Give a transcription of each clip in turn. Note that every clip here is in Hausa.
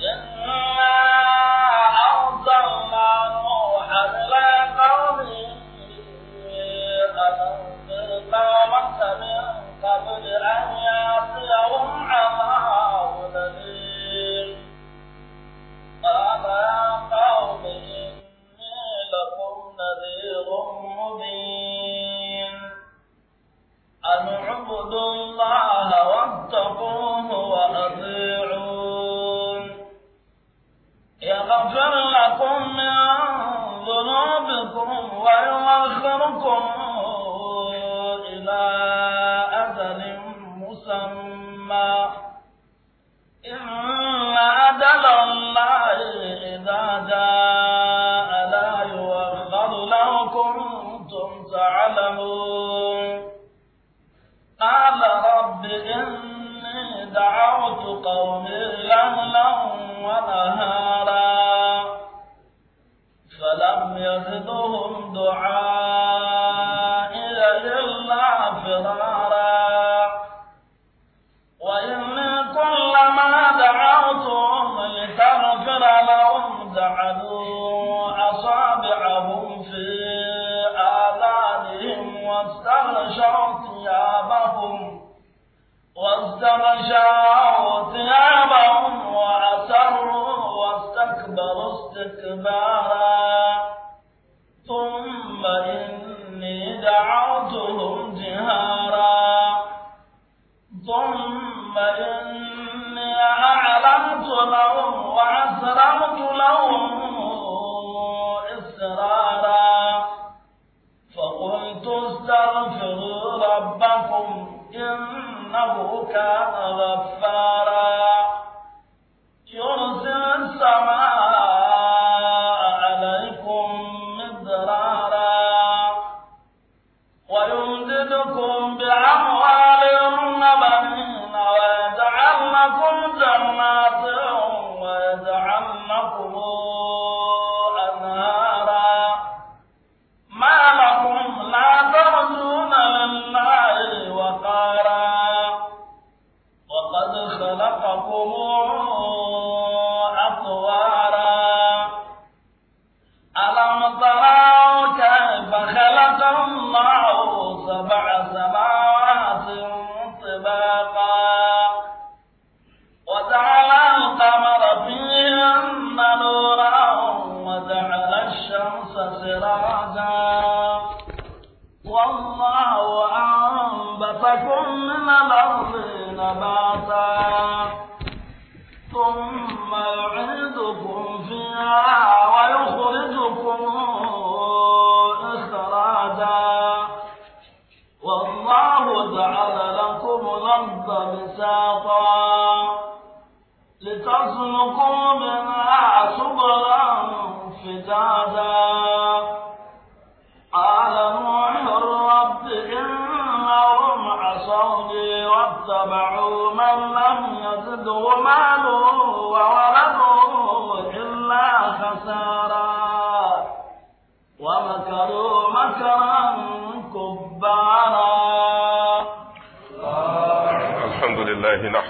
Yeah.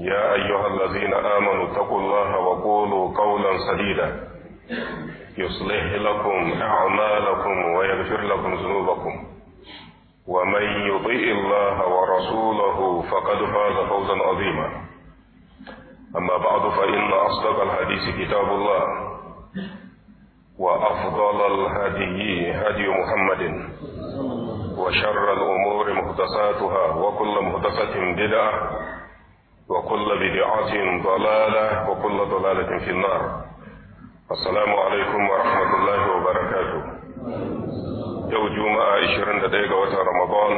يا أيها الذين آمنوا اتقوا الله وقولوا قولا سديدا يصلح لكم أعمالكم ويغفر لكم ذنوبكم ومن يطيء الله ورسوله فقد فاز فوزا عظيما أما بعد فإن أصدق الحديث كتاب الله وأفضل الهدي هدي محمد وشر الأمور محدثاتها وكل محدثة بدعة وكل بدعة ضلالة وكل ضلالة في النار السلام عليكم ورحمة الله وبركاته يوم جمعة 20 دقيقة وتا رمضان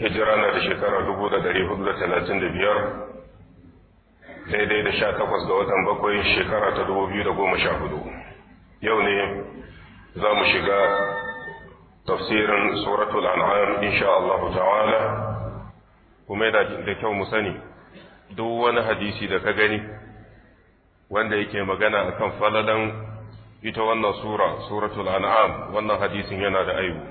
هجرانا لشكرة دبودة دري هدلة 30 دبيار لدي دي, دي شاتا وزدوتا بكوي شكرة دبودة دبو مشاهدو يوني زام شكا تفسيرا سورة الأنعام إن شاء الله تعالى وميدا جندي كو مسني duk wani hadisi da ka gani wanda yake magana kan falalan ita wannan sura suratul an'am wannan hadisin yana da aibu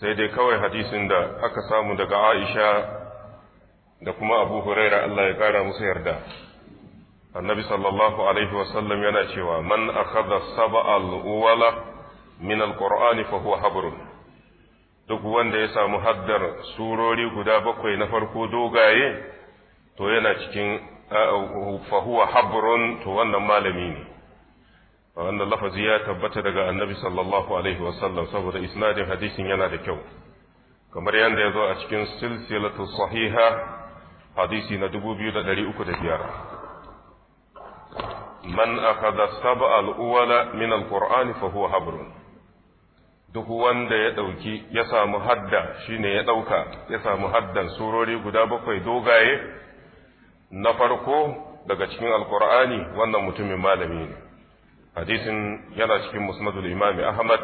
sai dai kawai hadisin da aka samu daga Aisha da kuma Abu Huraira Allah ya kara musu yarda annabi sallallahu alaihi wasallam yana cewa man akhadha sab'al uwala min alqur'ani fa huwa habrun duk wanda ya samu haddar surori guda bakwai na farko dogaye to yana cikin fahuwa habrun to wannan malami ne wannan lafazi ya tabbata daga annabi sallallahu alaihi wasallam saboda isnadin hadisin yana da kyau kamar yadda ya zo a cikin silsilatu sahiha hadisi na 2305 man akhadha sab'a al-awwala min al-qur'an fa huwa habrun duk wanda ya dauki ya samu hadda shine ya dauka ya samu haddan surori guda bakwai dogaye na farko daga cikin alkur'ani wannan mutumin malami ne hadisin yana cikin musnadul imam ahmad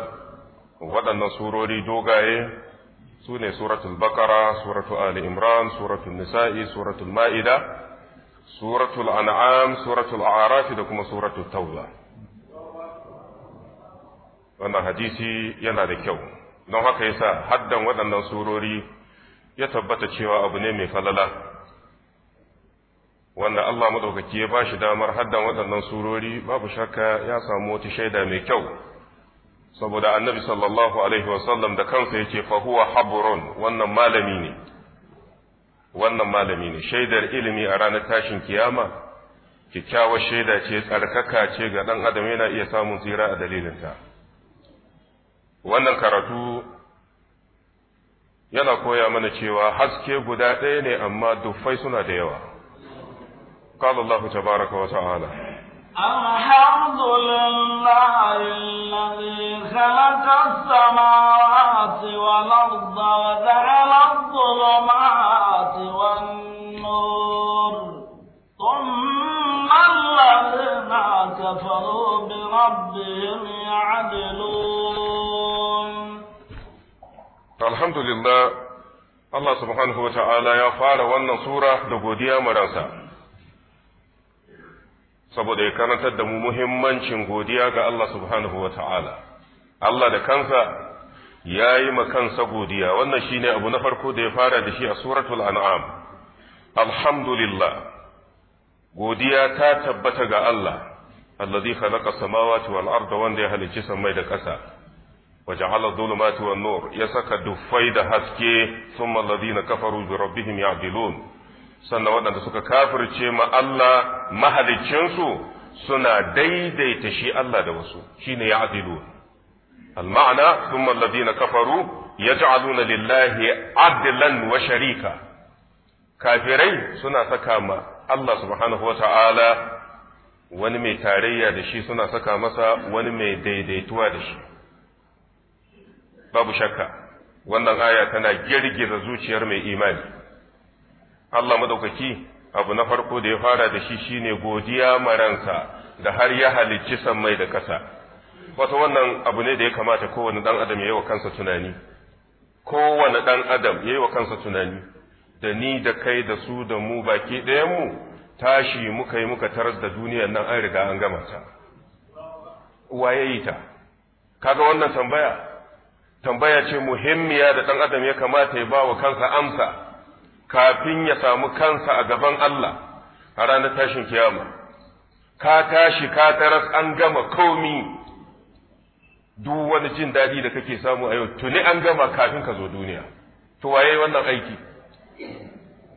waɗannan surori dogaye su ne suratul bakara suratul ali imran suratul nisa'i suratul ma'ida suratul an'am suratul a'raf da kuma suratul tauba wannan hadisi yana da kyau don haka yasa haddan waɗannan surori ya tabbata cewa abu ne mai falala wanda Allah madaukaki ya ba shi damar haddan waɗannan surori babu shakka ya samu wata shaida mai kyau saboda annabi sallallahu alaihi wasallam da kansa yake fa huwa haburun wannan malami ne wannan malami ne shaidar ilimi a ranar tashin kiyama kyakkyawar shaida ce tsarkaka ce ga ɗan adam yana iya samun tsira a dalilinta wannan karatu yana koya mana cewa haske guda ɗaya ne amma dufai suna da yawa قال الله تبارك وتعالى الحمد لله الذي خلق السماوات والأرض وجعل الظلمات والنور ثم الذين كفروا بربهم يعدلون الحمد لله الله سبحانه وتعالى يا ya fara wannan sura saboda ya karantar da mu muhimmancin godiya ga Allah subhanahu wa ta'ala. Allah da kansa ya yi kansa godiya, wannan shi ne abu na farko da ya fara da shi a suratul an'am. Alhamdulillah, godiya ta tabbata ga Allah, zai halaka samawati wal arda wanda ya halicci sammai da ƙasa. وجعل الظلمات والنور يسك دفيد هسكي ثم الذين كفروا بربهم يعدلون sannan waɗanda suka kafirce ma Allah mahaliccinsu suna daidaita shi Allah da wasu shine ya adilu al-ma'ana thumma alladhina kafaru yaj'aluna lillahi adlan wa sharika kafirai suna saka ma Allah subhanahu wa ta'ala wani mai tarayya da shi suna saka masa wani mai daidaituwa da shi babu shakka wannan aya tana girgiza zuciyar mai imani Allah madaukaki abu na farko da ya fara da shi shine godiya maransa da har ya halicci mai da kasa wato wannan abu ne da ya kamata kowane ɗan adam ya yi wa kansa tunani kowane ɗan adam ya yi wa kansa tunani da ni da kai da su da mu baki ɗayanmu tashi muka yi muka tarar da duniyar nan an riga an gama ta uwa ya yi ta kaga wannan tambaya tambaya ce muhimmiya da ɗan adam ya kamata ya ba wa kansa amsa kafin ya samu kansa a gaban Allah a ranar tashin kiyama ka tashi ka taras an gama komi duk wani jin daɗi da kake samu a yau tuni an gama kafin ka zo duniya to waye wannan aiki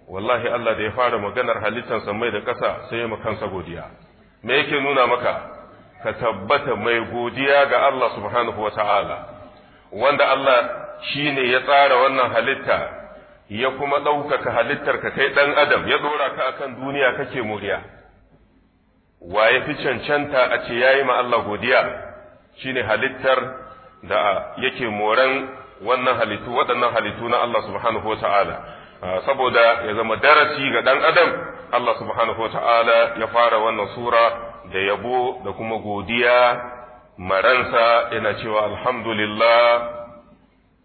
wallahi Allah da ya fara maganar halittar mai da ƙasa sai ya kansa godiya me yake nuna maka ka tabbata mai godiya ga Allah subhanahu wa ta'ala wanda Allah shi ne ya tsara wannan halitta ya kuma ɗaukaka halittarka kai ɗan adam ya ɗora ka akan duniya kake moriya wa ya fi cancanta a ce yayi ma Allah godiya shine halittar da yake moran wannan halittu waɗannan halittu na Allah subhanahu wata'ala saboda ya zama darasi ga ɗan adam Allah subhanahu wata'ala ya fara wannan sura da yabo da kuma godiya maransa yana cewa alhamdulillah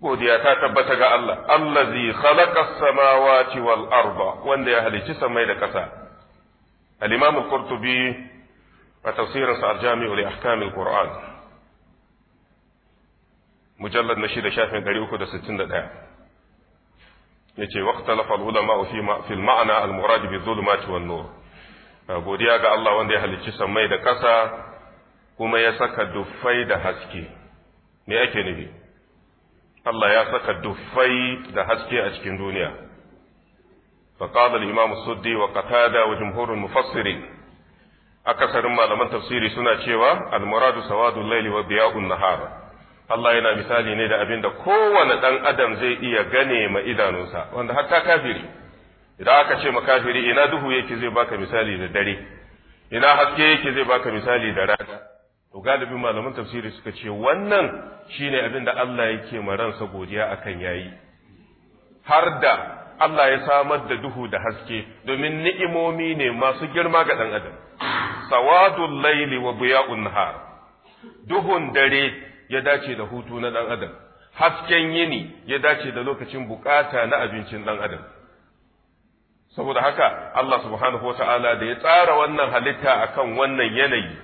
godiya ta tabbata ga Allah zai khalaqa samawati wal Arba wanda ya halicci samai da ƙasa al-imam al-qurtubi wa tafsirin sa al-jami' quran mujallad na shida shafin da ɗaya. Ya ce ulama lafa ma fi al-ma'na al-murad bi dhulumati wan nur godiya ga Allah wanda ya halicci samai da ƙasa kuma ya saka dufai da haske me ake nufi Allah ya saka dufai da haske a cikin duniya فقال الإمام السدي وقتادة وجمهور المفسرين أكثر ما لمن تفسيري سنة شوى المراد سواد الليل وضياء النهار Allah yana misali ne da abin kowane ɗan adam zai iya gane ma idanunsa, wanda hatta kafiri, idan aka ce ma kafiri ina duhu yake zai baka misali da dare, ina haske yake zai baka misali da rana. to galibin malaman tafsiri suka ce wannan shine abin da Allah yake maran maransa godiya akan yayi har da Allah ya samar da duhu da haske domin ni'imomi ne masu girma ga ɗan adam sawadul laili wa biya'un nahar duhun dare ya dace da hutu na ɗan adam hasken yini ya dace da lokacin bukata na abincin ɗan adam saboda haka Allah subhanahu wa ta'ala da ya tsara wannan halitta akan wannan yanayi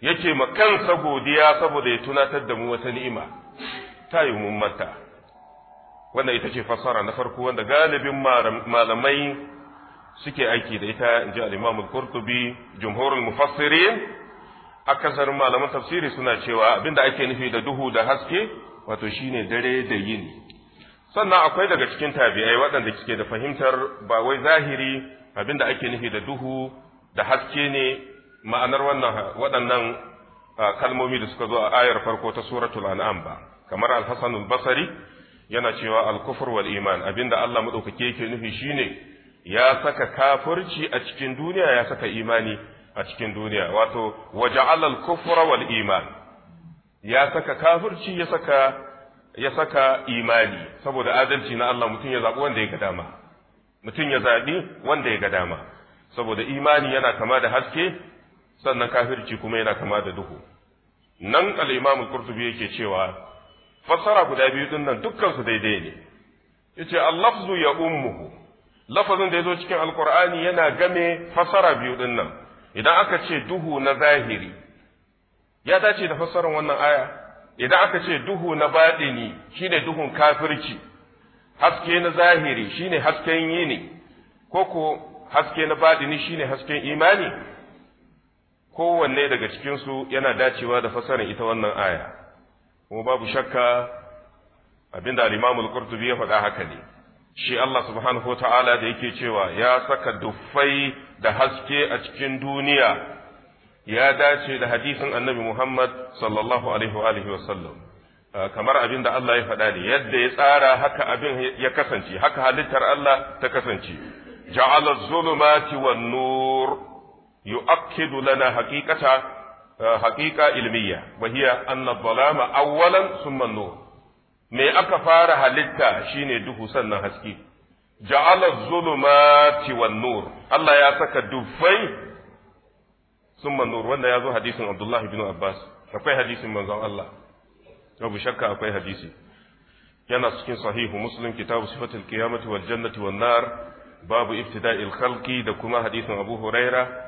yake ma kansa godiya saboda ya tunatar da mu wata ni'ima ta yi mun mata wannan ita ce fassara na farko wanda galibin malamai suke aiki da ita in ji al-Imam al-Qurtubi jumhurul mufassirin akasar malaman tafsiri suna cewa abinda ake nufi da duhu da haske wato shine dare da yini sannan akwai daga cikin tabi'ai waɗanda suke da fahimtar ba wai zahiri abinda ake nufi da duhu da haske ne ma'anar wannan waɗannan kalmomi da suka zo a ayar farko ta suratul an'am ba kamar al-hasan al-basri yana cewa al-kufr wal iman abinda Allah madaukake yake nufi shine ya saka kafirci a cikin duniya ya saka imani a cikin duniya wato waja'al al-kufra wal iman ya saka kafirci ya saka ya saka imani saboda adalci na Allah mutum ya zabi wanda ya ga dama mutum ya zabi wanda ya ga dama saboda imani yana kama da haske sannan kafirci kuma yana kama da duhu nan al-imam yake cewa fassara guda biyu din nan dukkan daidai ne yace al-lafzu ya ummuhu lafazin da zo cikin alkur'ani yana game fassara biyu din nan idan aka ce duhu na zahiri ya dace da fassarar wannan aya idan aka ce duhu na baɗini shine duhun kafirci haske na zahiri shine hasken yini koko ko haske na baɗini shine hasken imani kowanne daga cikinsu yana dacewa da fasarin ita wannan aya kuma babu shakka abinda al-Imam al ya faɗa haka ne shi Allah subhanahu ta'ala da yake cewa ya saka duffai da haske a cikin duniya ya dace da hadisin Annabi Muhammad sallallahu alaihi wa wa sallam ah, kamar abin da Allah ya faɗa ne yadda ya tsara haka abin ya kasance haka halittar Allah ta kasance ja'ala zulumati wan nur yu'akkidu lana haqiqata eh, haqiqa ilmiya wa hiya anna dhalama awwalan thumma nur me aka fara halitta shine duhu sannan haske ja'ala adh-dhulumati nur Allah ya saka dufai thumma nur wanda yazo hadisin Abdullah ibn Abbas akwai hadisin manzon Allah babu shakka akwai hadisi yana cikin sahihu muslim kitabu sifatul qiyamati wal jannati babu ibtida'il khalqi da kuma hadisin Abu Huraira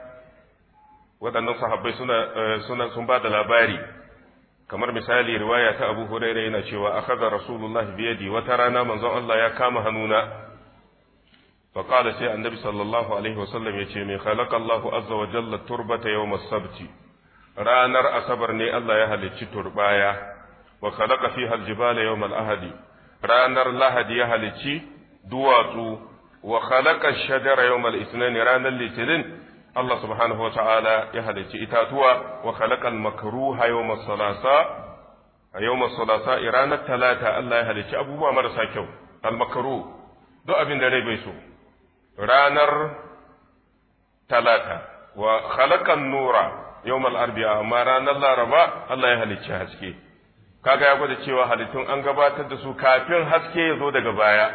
waɗannan sahabbai eh, suna sun ba da labari kamar misali riwaya ta abu huraira yana cewa a kaza rasulullahi biyadi wata rana manzon Allah ya kama hannuna faƙada sai annabi sallallahu alaihi wasallam ya ce mai khalaqa Allahu azza wa jalla turbata yawm sabti ranar asabar ne Allah ya halicci turbaya wa khalaqa fiha al-jibala ahadi ranar lahadi ya halicci duwatsu wa khalaqa Shadara shajara yawm ranar litinin Allah subhanahu wa ta'ala ya halicci itatuwa wa khalaqal makruha yawma salasa a yawma salasa ranar talata Allah ya halicci abubuwa marasa kyau al makruh duk abin da rai bai so ranar talata wa khalaqan nura yawmal amma ranar laraba Allah ya halicci haske kaga ya gwada cewa halittun an gabatar da su kafin haske ya zo daga baya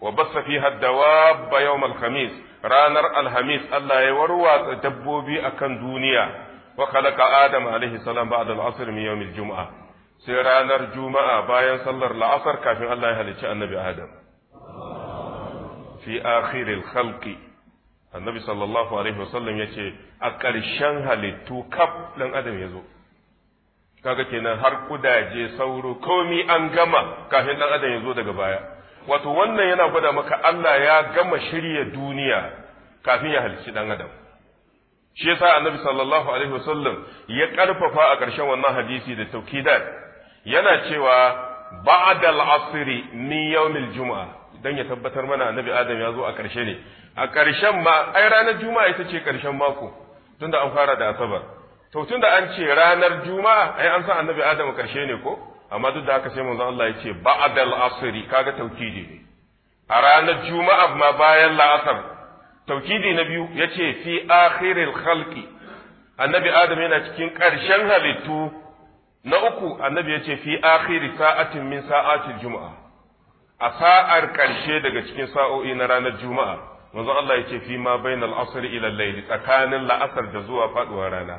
wa bassa fi haddawa yawmal khamis ranar alhamis Allah ya warwatsa dabbobi a kan duniya wa khalaqa adam alaihi salam ba'da da asr min yawm sai ranar juma'a bayan sallar la'asar kafin Allah ya halicci annabi adam fi akhir al-khalqi annabi sallallahu alaihi wasallam ce a ƙarshen halittu kaf dan adam ya yazo kaga kenan har kudaje sauro komi an gama kafin dan adam ya zo daga baya wato wannan yana gwada maka Allah ya gama shirya duniya kafin ya halicci dan adam shi yasa annabi sallallahu alaihi wasallam ya karfafa a ƙarshen wannan hadisi da ta'ukidar. yana cewa ba'da al asr min yawm al-jum'a dan ya tabbatar mana annabi adam ya zo a ƙarshe ne a ƙarshen ma ai ranar juma'a ita ce ƙarshen mako tunda an fara da asabar to tunda an ce ranar juma'a ai an san annabi adam ƙarshe ne ko amma duk da aka sai manzon Allah ya ce ba'dal asri kaga taukidi ne a ranar juma'a ma bayan la'asar taukidi na biyu yace fi akhiril khalqi annabi adam yana cikin ƙarshen halittu na uku annabi yace fi akhiri sa'atin min sa'atil juma'a a sa'ar ƙarshe daga cikin sa'o'i na ranar juma'a manzon Allah ce fi ma bainal asr ila al tsakanin la'asar da zuwa faduwar rana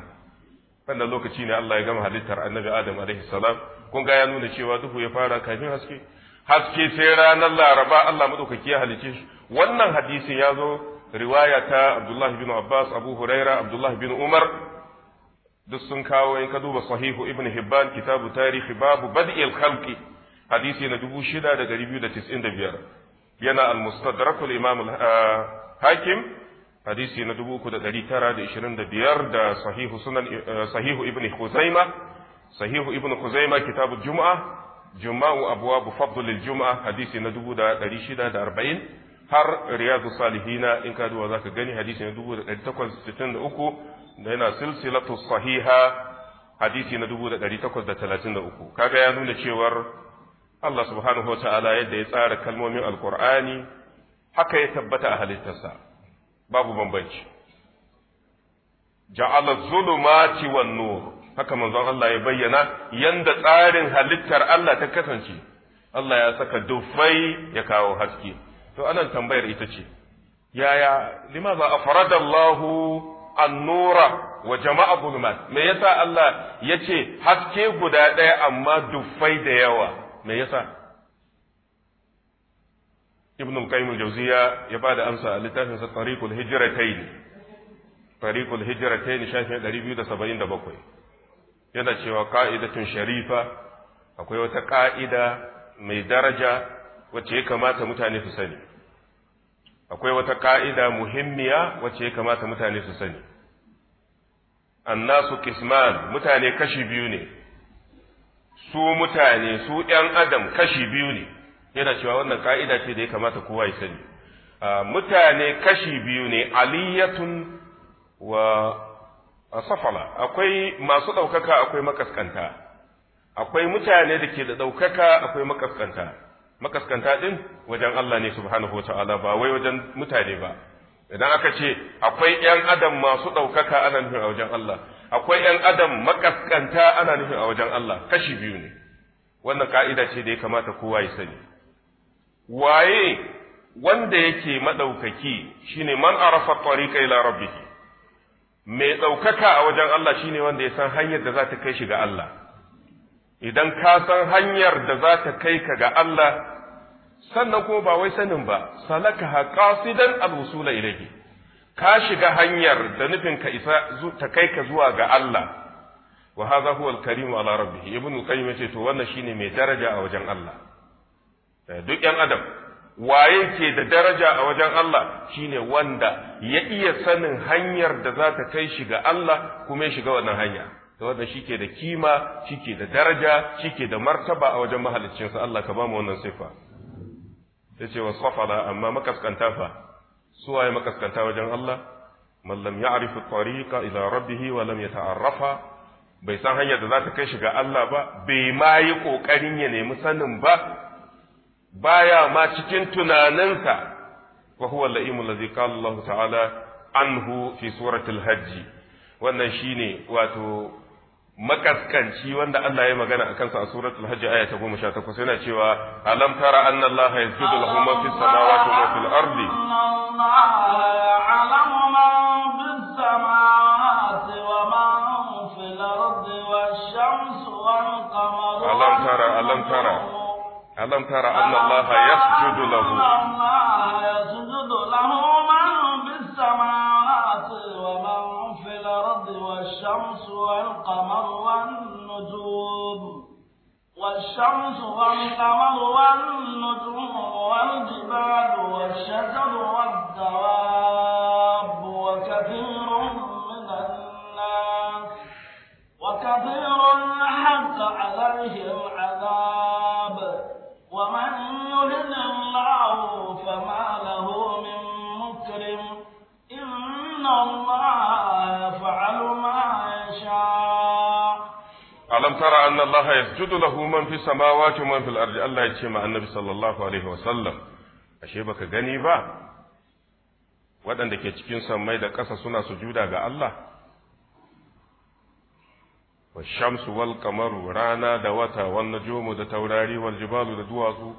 wannan lokaci ne Allah ya gama halittar annabi adam alaihi salam kun ga ya nuna cewa duhu ya fara kafin haske haske sai ranar laraba Allah madaukaki ya halice shi wannan hadisi ya zo riwaya ta Abdullahi bin Abbas Abu Huraira Abdullahi bin Umar duk sun kawo in ka duba sahihu Ibn Hibban kitabu tarihi babu bad'il khalqi hadisi na 6295 yana al-mustadrak al-imam al ah, hakim hadisi na 3925 da sahihu sunan eh, sahihu Ibn Khuzaimah sahihu ibn kuzaima kitabu juma'a juma'u abwabu fadlil juma'a hadisi na 1640 har riyazu salihina in ka duba zaka gani hadisi na 1863 da yana silsilatu sahiha hadisi na 1833 kaga ya nuna cewar Allah subhanahu wa yadda ya tsara kalmomin alqur'ani haka ya tabbata a halittarsa babu bambanci ja'ala zulumati haka manzon Allah ya bayyana yanda tsarin halittar Allah ta kasance Allah ya saka dufai ya kawo haske to anan tambayar ita ce yaya limaza afrada Allahu an-nura wa jama'a zulmat me yasa Allah yace haske guda ɗaya amma dufai da yawa me yasa ibn al-qayyim al-jawziya ya bada amsa a littafin sa tariqul hijratayn tariqul hijratayn shafin 277 yana cewa ka'idatun sharifa akwai wata ka'ida mai daraja wacce ya kamata mutane su sani akwai wata ka'ida muhimmiya wacce ya kamata mutane su sani annasu kisman mutane kashi biyu ne su mutane su ‘yan adam kashi biyu ne yana cewa wannan ka'ida ce da ya kamata kowa ya sani ah, mutane kashi biyu ne aliyatun wa a safala akwai masu ɗaukaka akwai makaskanta akwai mutane da ke da ɗaukaka akwai makaskanta makaskanta ɗin wajen Allah ne subhanahu wa ta'ala ba wai wajen mutane ba idan aka ce akwai ‘yan adam masu ɗaukaka ana nufin a wajen Allah akwai ‘yan adam makaskanta ana nufin a wajen Allah kashi biyu ne wannan ka'ida ce da ya kamata kowa ya sani waye wanda yake maɗaukaki shine man arafa tariqa ila rabbih mai tsaukaka a wajen Allah shine wanda ya san hanyar da za ta kai shi ga Allah idan ka san hanyar da za ta kai ka ga Allah sannan ko ba wai sanin ba salaka qasidan al-wusula ilayhi ka shiga hanyar da nufin ka isa ta kai ka zuwa ga Allah wa hadha huwa al ala rabbih ibnu qayyim yace to wannan shine mai daraja a wajen Allah eh, duk yan adam waye ke da daraja a wajen Allah shine wanda ya iya sanin hanyar da za ta kai shi ga Allah kuma ya shiga wannan hanya to wannan ke da kima shike da daraja shike da martaba a wajen mahaliccinsa Allah ka ba mu wannan sifa yace wa safala amma makaskanta fa suwaye makaskanta wajen Allah man lam ya'rifu tariqa ila rabbih wa lam yata'arrafa bai san hanyar da za ta kai shi ga Allah ba bai ma yi kokarin ya nemi sanin ba baya ma cikin tunaninsa wa huwa al-la'imul ladhi Allah ta'ala anhu fi suratul hajj wannan shine wato makaskanci wanda Allah ya magana a kansa a suratul hajj aya ta 18 yana cewa alam tara anna Allah yasjudu lahu ma fis samawati wa fil ardi alamu man alam tara alam tara ألم ترى أن الله يسجد له الله يسجد له من في السماوات ومن في الأرض والشمس والقمر والنجوم والشمس والقمر والنجوم والجبال والشجر والدواب وكثير من الناس وكثير حق عليه العذاب ومن يهن الله فما له من مكرم إن الله يفعل ما يشاء ألم ترى أن الله يسجد له من في السماوات ومن في الأرض الله يتشمع النبي صلى الله عليه وسلم ashe baka gani ba waɗanda ke cikin sammai da ƙasa suna sujuda ga Allah والشمس Rana da wata, وتا والنجوم دا توراري والجبال دا دواسو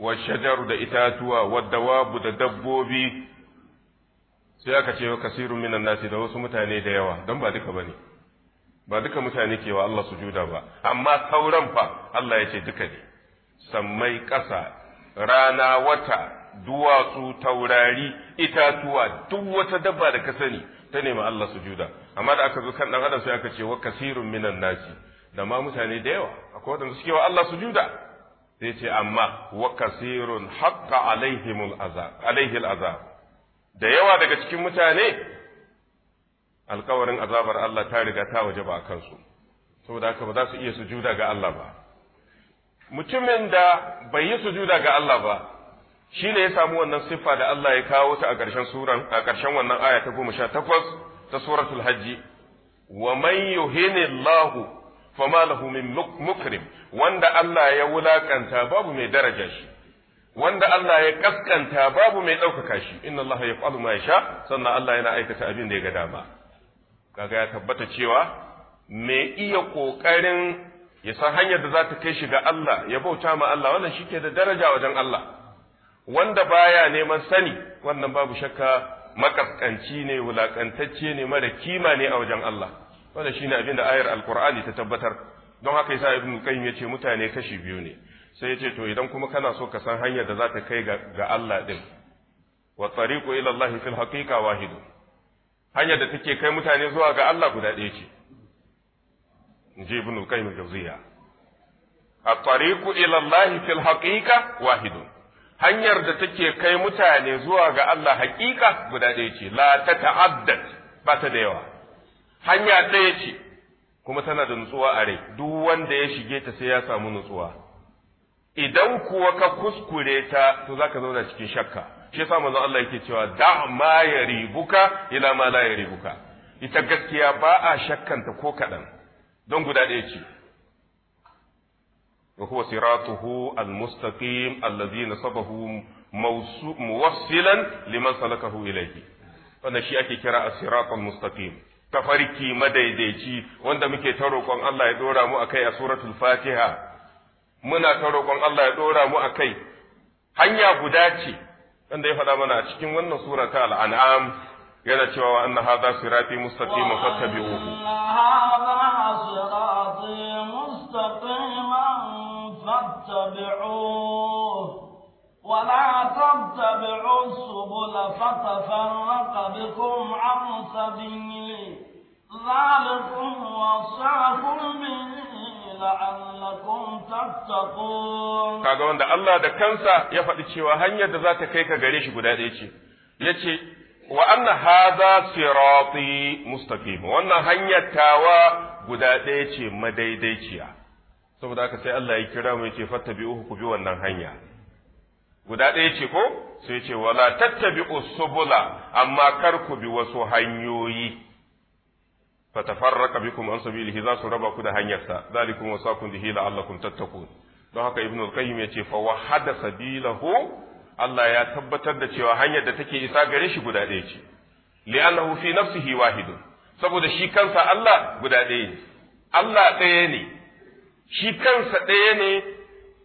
والشجر دا إتاتوا والدواب دا دبوبي sai aka ce wa minan nasi da wasu mutane da yawa don ba duka bane ba duka mutane ke wa Allah sujuda ba amma sauran fa Allah ya ce duka ne sammai ƙasa rana wata duwatsu taurari itatuwa duk wata dabba da ka sani ta nema Allah sujuda amma da aka zo kan dan adam sai aka ce wa kasirun minan nasi da ma mutane da yawa akwai wanda suke wa Allah sujuda sai ce amma wa kasirun haqqa alaihimul azab alaihil azab da yawa daga cikin mutane alkawarin azabar Allah ta riga ta waje ba a kansu saboda haka ba za su iya sujuda ga Allah ba mutumin da bai yi sujuda ga Allah ba shi ne ya samu wannan siffa da Allah ya kawo ta a ƙarshen suran a ƙarshen wannan aya ta goma sha takwas ta suratul hajji wa man yuhinillahu fama lahu min mukrim wanda Allah ya wulakanta babu mai daraja shi wanda Allah ya kaskanta babu mai ɗaukaka shi inna Allah ya fa'alu ma yasha sannan Allah yana aikata abin da ya ga dama kaga ya tabbata cewa mai iya ƙoƙarin ya san hanyar da za ta kai shi ga Allah ya bauta ma Allah wannan shike da daraja wajen Allah wanda baya neman sani wannan babu shakka makaskanci ne wulakantacce ne mara kima ne a wajen Allah wanda shine abin da ayar alqur'ani ta tabbatar don haka yasa ibn qayyim yace mutane kashi biyu ne sai yace to idan kuma kana so ka san hanyar da za ta kai ga Allah din wa tariqu ila Allah fil haqiqa wahid hanyar da take kai mutane zuwa ga Allah guda ɗaya ce in ibn qayyim jawziya at-tariqu ila Allah fil haqiqa wahidun hanyar da take kai mutane zuwa ga Allah hakika guda ɗaya ce la ta ta'addad ba ta da yawa hanya ɗaya ce kuma tana da nutsuwa a rai duk wanda ya shige ta sai ya samu nutsuwa idan kuwa ka kuskure ta to za ka zauna cikin shakka shi yasa manzon Allah yake cewa da ma ya ribuka? ila ma la ribuka? ita gaskiya ba a shakkanta ko kaɗan don guda ɗaya ce وهو صراطه المستقيم الذي نصبه موصلا لمن سلكه إليه wannan shi ake kira as-siratal mustaqim tafarki madaidaici wanda muke ta roƙon Allah ya dora mu akai a suratul fatiha muna ta roƙon Allah ya dora mu akai hanya guda ce wanda ya faɗa mana a cikin wannan suraka ta al yana cewa wa anna hadha sirati mustaqim fattabi'uhu تتبعوه ولا تتبعوا السبل فتفرق بكم عن سبيله ذلكم وصاكم به kaga wanda Allah da kansa ya faɗi cewa hanyar da za ta kai ka gare shi guda ɗaya ce ya ce wa anna hadha sirati mustaqim wannan hanyar tawa guda ɗaya ce madaidaiciya saboda haka sai Allah ya kira mu yake fattabi'uhu ku bi wannan hanya guda ɗaya ce ko sai ce wala tattabi'u subula amma kar ku bi wasu hanyoyi fatafarraqa bikum an sabilihi za su raba ku da hanyarsa zalikum wasakum bihi la'allakum tattaqun don haka ibnu al-qayyim yace fa wahada sabilahu Allah ya tabbatar da cewa hanyar da take isa gare shi guda ɗaya ce li'annahu fi nafsihi wahidun saboda shi kansa Allah guda ɗaya ne Allah ɗaya ne shi kansa ɗaya ne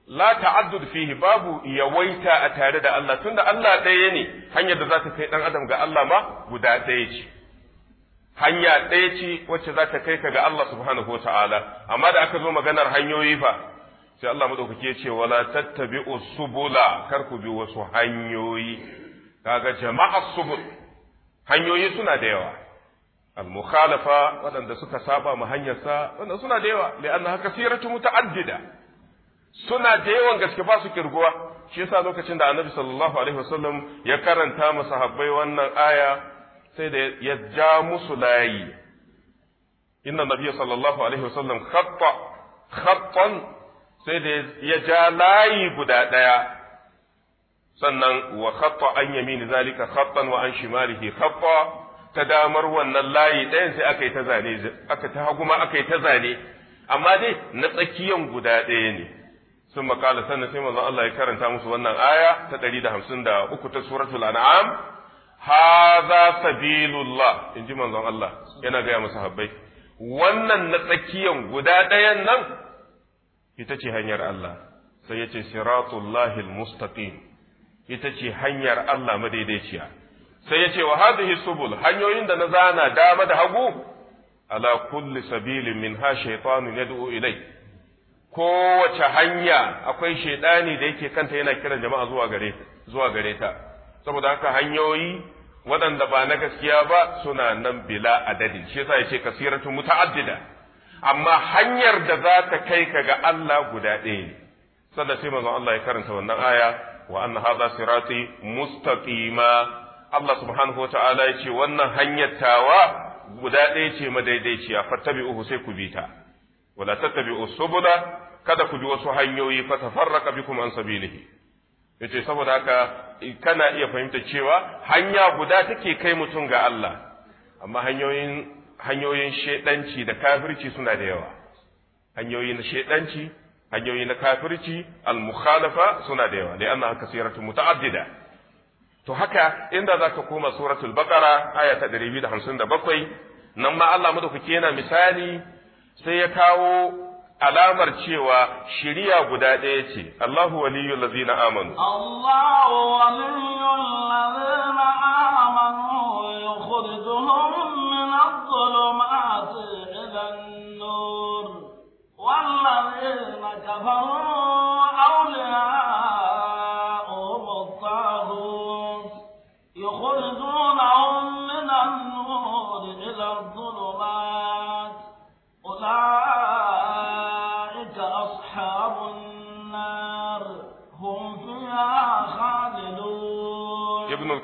la ta'addud fihi babu yawaita a tare da Allah tunda Allah ɗaya ne hanyar da za ta kai ɗan adam ga Allah ma guda ɗaya ce hanya ɗaya ce wacce za ta kai ka ga Allah subhanahu wata'ala amma da aka zo maganar hanyoyi fa sai Allah madaukake ce wala tattabi'u subula kar ku bi wasu hanyoyi kaga jama'a subul hanyoyi suna da yawa almukhalafa waɗanda suka saba mu hanyarsa wannan suna da yawa li'anna kasiratu muta'addida suna da yawan gaske ba su kirguwa shi yasa lokacin da annabi sallallahu alaihi wasallam ya karanta mu sahabbai wannan aya sai da ya ja musu layi inna nabiy sallallahu alaihi wasallam khatta khattan sai da ya ja layi guda daya sannan wa khatta an yamini zalika khattan wa an shimalihi khatta ta damar wannan layi ɗayan sai aka yi ta zane aka ta hagu ma aka yi ta zane amma dai na tsakiyan guda ɗaya ne sun makala sannan sai manzon Allah ya karanta musu wannan aya ta ɗari da hamsin da uku ta suratul an'am haza sabilullah in ji manzon Allah yana gaya musu habbai wannan na tsakiyan guda ɗayan nan ita ce hanyar Allah sai ya ce siratullahil mustaqim ita ce hanyar Allah madaidaiciya sai ya ce wa hadhihi subul hanyoyin da na zana dama da hagu ala kulli sabilin minha shaytanun yad'u ilai kowace hanya akwai shaidani da yake kanta yana kiran jama'a zuwa gare zuwa gare ta saboda haka hanyoyi waɗanda ba na gaskiya ba suna nan bila adadi shi yasa yace kasiratu muta'addida amma hanyar da za ta kai ka ga Allah guda ɗaya ne sannan sai manzon Allah ya karanta wannan aya wa anna hadha sirati mustaqima Allah subhanahu ta'ala ya ce wannan hanyar tawa guda ɗaya ce madaidaiciya fattabi'uhu sai ku bi ta wala tattabi'u subula kada ku bi wasu hanyoyi fa tafarraqa bikum an sabilihi yace saboda haka kana iya fahimta cewa hanya guda take kai mutum ga Allah amma hanyoyin hanyoyin shedanci da kafirci suna da yawa Hanyoyin na shedanci hanyoyi na kafirci al-mukhalafa suna da yawa li'annaha kasiratun muta'addida to haka inda za ka koma suratul baqara aya ta 257 nan ma Allah madaukake yana misali sai ya kawo alamar cewa shari'a guda ɗaya ce Allahu waliyul ladina amanu Allahu waliyul ladina amanu yukhrijuhum min adh-dhulumati ila an-nur والذين كفروا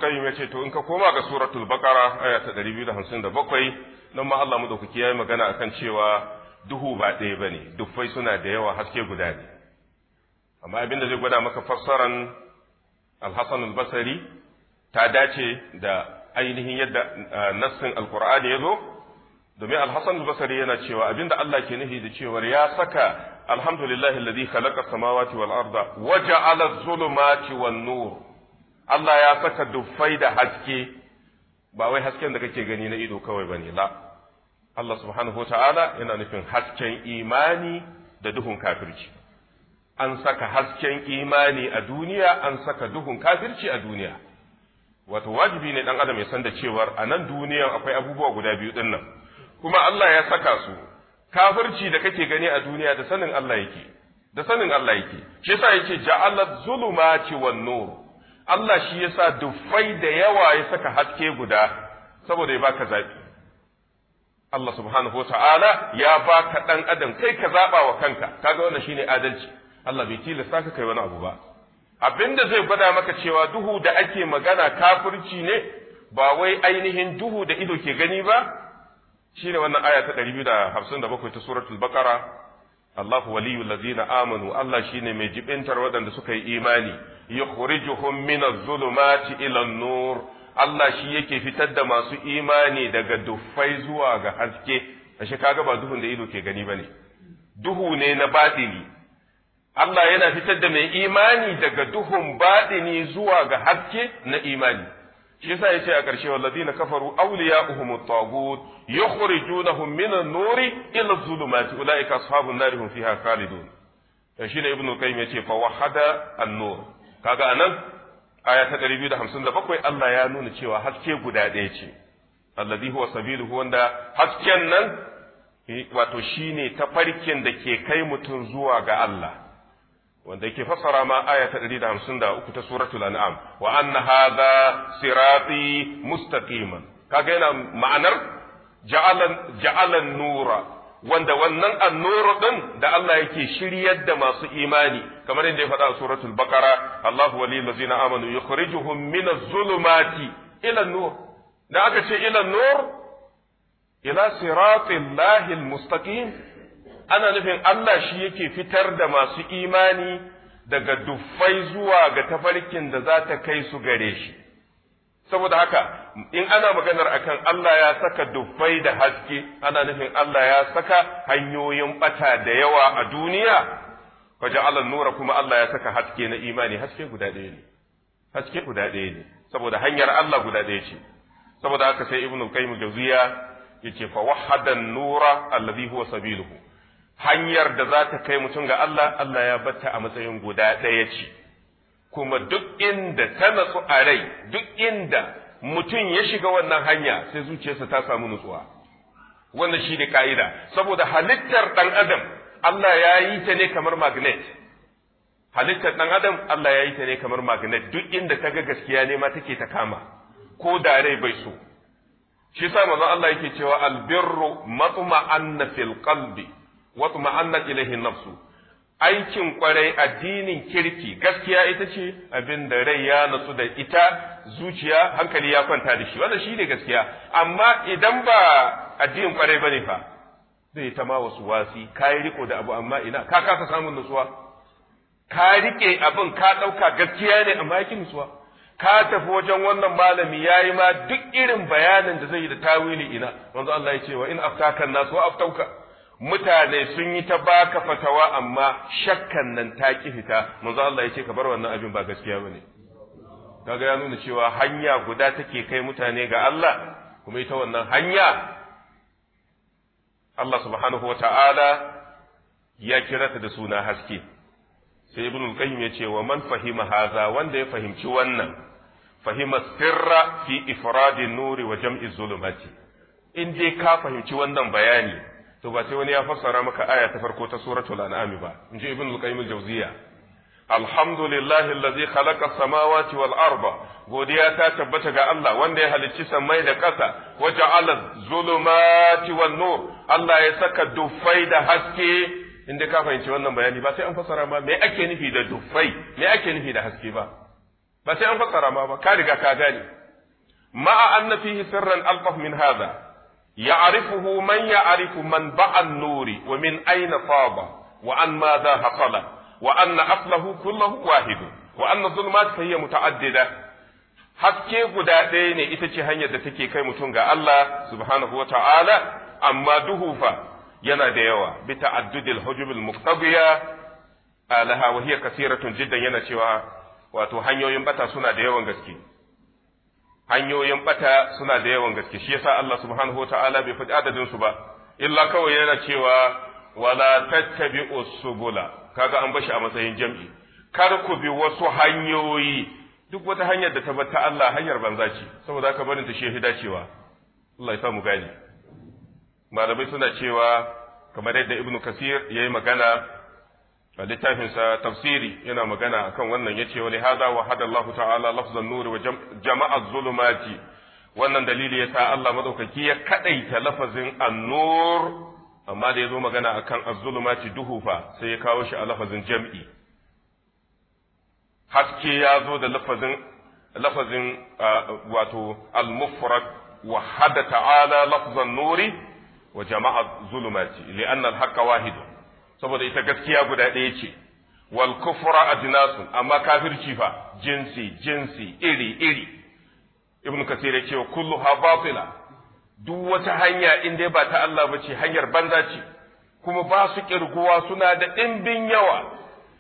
Qayyim ya ce to in ka koma ga suratul Baqara aya ta 257 nan ma Allah madaukaki yayi magana akan cewa duhu ba ɗaya bane duffai suna da yawa haske guda ne amma abin da zai gwada maka fassaran Al-Hasan al-Basri ta dace da ainihin yadda nassin al ya yazo domin Al-Hasan al-Basri yana cewa abinda Allah ke nufi da cewa ya saka alhamdulillahi alladhi khalaqa samawati wal arda wa adh-dhulumati wan-nur Allah ya saka dufai da haske ba wai hasken da kake gani na ido kawai bane la Allah subhanahu ta'ala yana nufin hasken imani da duhun kafirci an saka hasken imani a duniya an saka duhun kafirci a duniya wato wajibi ne dan adam ya san da cewar a nan duniya akwai abubuwa guda biyu din nan kuma Allah ya saka su kafirci da kake gani a duniya da sanin Allah yake da sanin Allah yake shi yasa yake ja'alat zulumati wan nur Allah shi ya sa duffai da yawa ya saka haske guda saboda ya baka zaɓi. Allah subhanahu wa ta'ala ya baka ɗan adam kai ka zaɓa wa kanka, kaga wannan shine adalci. Allah bai tilasta ka kai wani abu ba. Abinda zai gwada maka cewa duhu da ake magana kafirci ne ba wai ainihin duhu da ido ke gani ba, shine wannan aya ta 257 ta suratul Baqara Allahu waliyu lazina amanu Allah shine mai jibintar waɗanda suka yi imani yukhrijuhum minaz zulumati ila nur Allah shi yake fitar da masu imani daga dufai zuwa ga haske ashe kaga ba duhun da ido ke gani bane duhu ne na batini Allah yana fitar da mai imani daga duhun batini zuwa ga haske na imani shi yasa yace a ƙarshe walladina kafaru awliya'uhum at-taghut yukhrijunahum min an-nuri ila adh-dhulumati ulaika ashabun nar hum fiha khalidun to shine ibnu qayyim yace fa wahada an-nur kaga anan aya ta 257 Allah ya nuna cewa haske guda ɗaya ce alladhi huwa sabiluhu wanda hasken nan wato shine tafarkin da ke kai mutum zuwa ga Allah wanda yake fassara ma aya ta 153 ta suratul an'am wa anna hadha sirati mustaqiman kaga yana ma'anar ja'alan ja'alan nura wanda wannan annuru din da Allah yake shiryar da masu imani kamar yadda ya faɗa a suratul baqara Allahu waliyul ladzina amanu yukhrijuhum minaz zulumati ila nur da aka ce ila nur ila siratil lahil mustaqim ana nufin Allah shi yake fitar da masu imani daga duffai zuwa ga tafarkin da za ta kai su gare shi. Saboda haka, in ana maganar akan Allah ya saka duffai da haske, ana nufin Allah ya saka hanyoyin bata da yawa a duniya, wajen Allah nura kuma Allah ya saka haske na imani, haske guda ɗaya ne, haske guda ɗaya ne, saboda hanyar Allah guda ɗaya ce. Saboda haka sai Ibn Qayyim Jawziya yace fa wahadan nura allazi huwa sabiluhu hanyar da za ta kai mutum ga Allah Allah ya batta a matsayin guda ɗaya ce kuma duk inda ta natsu a rai duk inda mutum ya shiga wannan hanya sai zuciyarsa ta samu nutsuwa wannan shi ne ka'ida saboda halittar ɗan adam Allah ya yi ta ne kamar magnet halittar ɗan adam Allah ya yi ta ne kamar magnet duk inda ta ga gaskiya ne ma take ta kama ko da rai bai so shi sa manzon Allah yake cewa albirru an fil qalbi wasu ma'annat ilaihin nafsu aikin kwarai addinin kirki gaskiya ita ce abin da rai ya natsu da ita zuciya hankali ya kwanta da shi wannan ne gaskiya amma idan ba addinin kwarai ba ne fa zai ta ma wasu wasi ka yi riko da abu amma ina ka kasa samun nutsuwa ka rike abin ka ɗauka gaskiya ne amma yake nutsuwa ka tafi wajen wannan malami ya yi ma duk irin bayanin da zai yi da tawili ina wanzu Allah ya ce wa in aftakan nasu wa aftauka mutane sun yi ta baka fatawa amma shakkan nan ta ki fita manzo Allah ya ce ka bar wannan abin ba gaskiya bane kaga ya nuna cewa hanya guda take kai mutane ga Allah kuma ita wannan hanya Allah subhanahu wata'ala ya kira ta da suna haske sai ibn al-qayyim ya ce wa man fahima haza wanda ya fahimci wannan fahima sirra fi Ifradin nuri wa jam'i zulumati in dai ka fahimci wannan bayani to ba sai wani ya fassara maka aya ta farko ta suratul an'am ba in ji ibn al-qayyim al-jawziya alhamdulillahi allazi khalaqa as-samawati wal arda godiya ta tabbata ga Allah wanda ya halicci samai da ƙasa wa ja'ala zulumati wan nur Allah ya saka dufai da haske inda ka fahimci wannan bayani ba sai an fassara ba me ake nufi da dufai me ake nufi da haske ba ba sai an fassara ma ba ka riga ka gane ma'a anna fihi sirran alqaf min hadha يعرفه من يعرف منبع النور ومن أين فاض وأن ماذا حصل وأن أصله كله واحد وأن الظلمات فهي متعددة haske guda ɗaya ne ita ce hanyar da take kai mutum ga Allah subhanahu wa ta'ala amma duhu fa yana da yawa bi ta'addudil hujubil muktabiya alaha wa hiya kasiratun jiddan yana cewa wato hanyoyin bata suna da yawan gaske hanyoyin ɓata suna da yawan gaske shi yasa Allah subhanahu wataala bai faɗi adadin su ba illa kawai yana cewa wala tattabi'u subula kaga an bashi a matsayin jam'i kar ku bi wasu hanyoyi duk wata hanyar da ta bata Allah hanyar banza ce saboda ka barin ta shehi dacewa Allah ya samu gani malamai suna cewa kamar yadda ibnu Kasir yayi magana littafinsa tafsiri yana magana akan wannan ce wani hada wa hada Allah ta'ala lafzan wa jama'a zulumati wannan dalili sa Allah madaukaki ya kadaita lafazin annur amma da yazo magana akan az-zulumati duhu fa sai ya kawo shi a lafazin jam'i haske ya zo da lafazin lafazin wato al-mufrad wa hada ta'ala lafzan nuri wa jama'a zulumati li'anna al-haqqa wahidun saboda ita gaskiya guda ɗaya ce wal kufra adnasun amma kafirci fa jinsi jinsi iri iri ibnu kasir ya ce kullu ha duk wata hanya in dai ba ta Allah ba ce hanyar banza ce kuma ba su kirguwa suna da ɗimbin yawa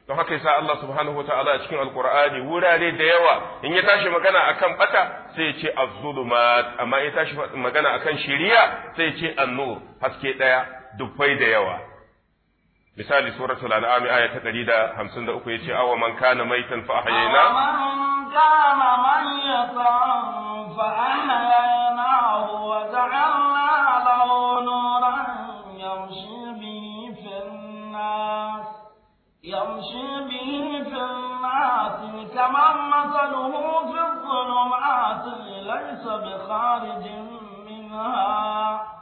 don haka yasa Allah subhanahu wataala a cikin alqur'ani wurare da yawa in ya tashi magana akan bata sai ya ce az-zulumat amma ya tashi magana akan shiriya sai ya ce an haske daya dubbai da yawa misali suratul al'am ayat ta 153 yace awa man kana maitan fa ahyayna man kana maitan fa ahyaynahu wa ja'alna lahu nuran yamshi bihi fil nas yamshi bihi fil nas kaman mathaluhu fi dhulumati laysa bi kharijin minha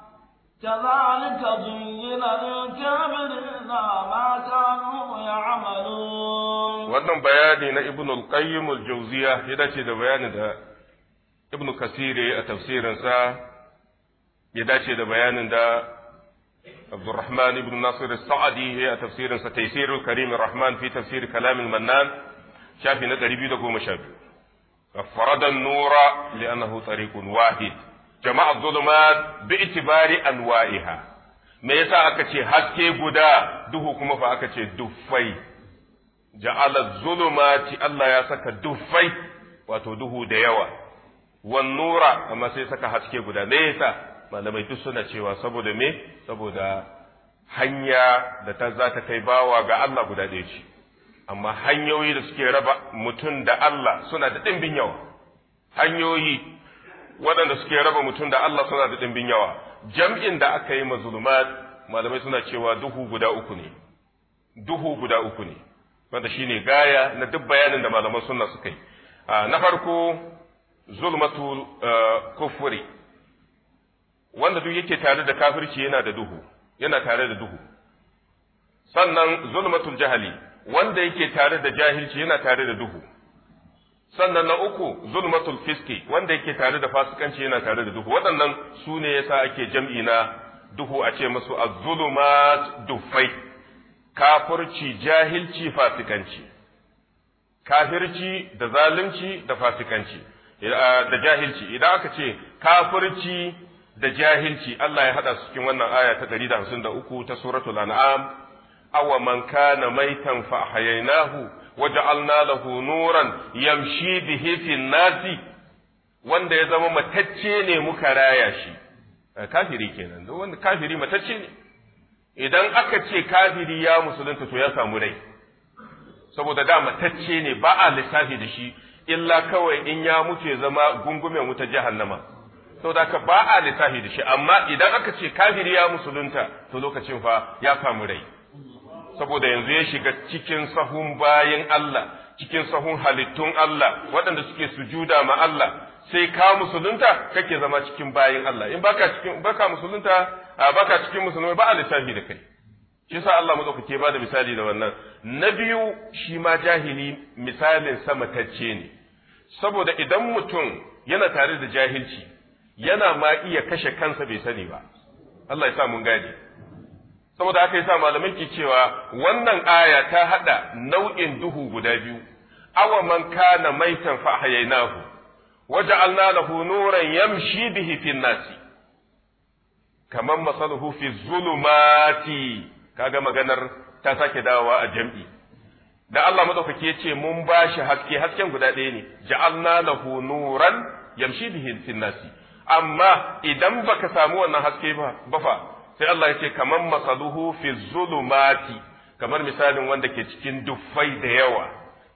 كذلك زين للكافر إذا ما كانوا يعملون ودن بياني ابن القيم الجوزية يدشي دا بياني دا ابن كثير التفسير سا يدشي دا بياني دا عبد الرحمن بن ناصر السعدي هي تفسير ستيسير الكريم الرحمن في تفسير كلام المنان شافي ندري بيدك ومشافي فرد النور لأنه طريق واحد jama'a zulumat bi itibari anwa'iha me yasa aka ce haske guda duhu kuma fa aka ce duffai ja'ala zulumati Allah ya saka duffai wato duhu da yawa wan nura amma sai saka haske guda me yasa malamai duk suna cewa saboda me saboda hanya da ta za ta kai bawa ga Allah guda ɗaya ce amma hanyoyi da suke raba mutum da Allah suna da ɗimbin yawa hanyoyi waɗanda suke raba mutum da Allah suna da ɗimbin yawa jam'in da aka yi mazulumat malamai suna cewa duhu guda uku ne duhu guda uku ne wanda shine gaya na duk bayanin da malaman sunna suka yi ah, na farko zulmatu eh, kufuri wanda duk yake tare da kafirci yana da duhu yana tare da duhu sannan zulmatul jahali wanda yake tare da jahilci yana tare da duhu sannan na uku zulmatul fiski wanda yake tare da fasikanci yana tare da duhu waɗannan su ne sa ake jam'i na duhu a ce masu a Zulmat dufai kafirci jahilci fasikanci kafirci da zalunci da fasikanci da jahilci idan aka ce kafirci da jahilci Allah ya haɗa su cikin wannan aya ta 153 ta suratul an'am awa man kana maitan fa hayainahu waja'alna lahu nuran yamshi bihi fin nasi wanda ya zama matacce ne muka raya shi kafiri kenan duk wanda kafiri matacce ne idan aka ce kafiri ya musulunta to ya samu rai saboda da matacce ne ba a lissafi da shi illa kawai in ya mutu ya zama gungumen wuta jahannama saboda ka ba a lissafi da shi amma idan aka ce kafiri ya musulunta to lokacin fa ya samu rai saboda yanzu ya shiga cikin sahun bayin Allah cikin sahun halittun Allah waɗanda suke sujuda ma Allah sai ka musulunta kake zama cikin bayin Allah in baka cikin baka musulunta baka cikin musulmai ba a lissafi da kai shi sa Allah ke ba da misali da wannan na biyu shi ma jahili misalin sama tacce ne saboda idan mutum yana tare da jahilci yana ma iya kashe kansa bai sani ba Allah ya sa mun gane saboda yi sa malamin ke cewa wannan aya ta hada nau'in duhu guda biyu awa man kana maitan fa hayainahu waja'alna lahu nuran yamshi bihi fin nasi kaman masaluhu fi zulumati kaga maganar ta sake dawowa a jam'i da Allah madaukake yace mun bashi haske hasken guda ɗaya ne ja'alna lahu nuran yamshi bihi fin nasi amma idan baka samu wannan haske ba ba fa sai Allah ya ce kamar masaluhu fi zulumati kamar misalin wanda ke cikin duffai da yawa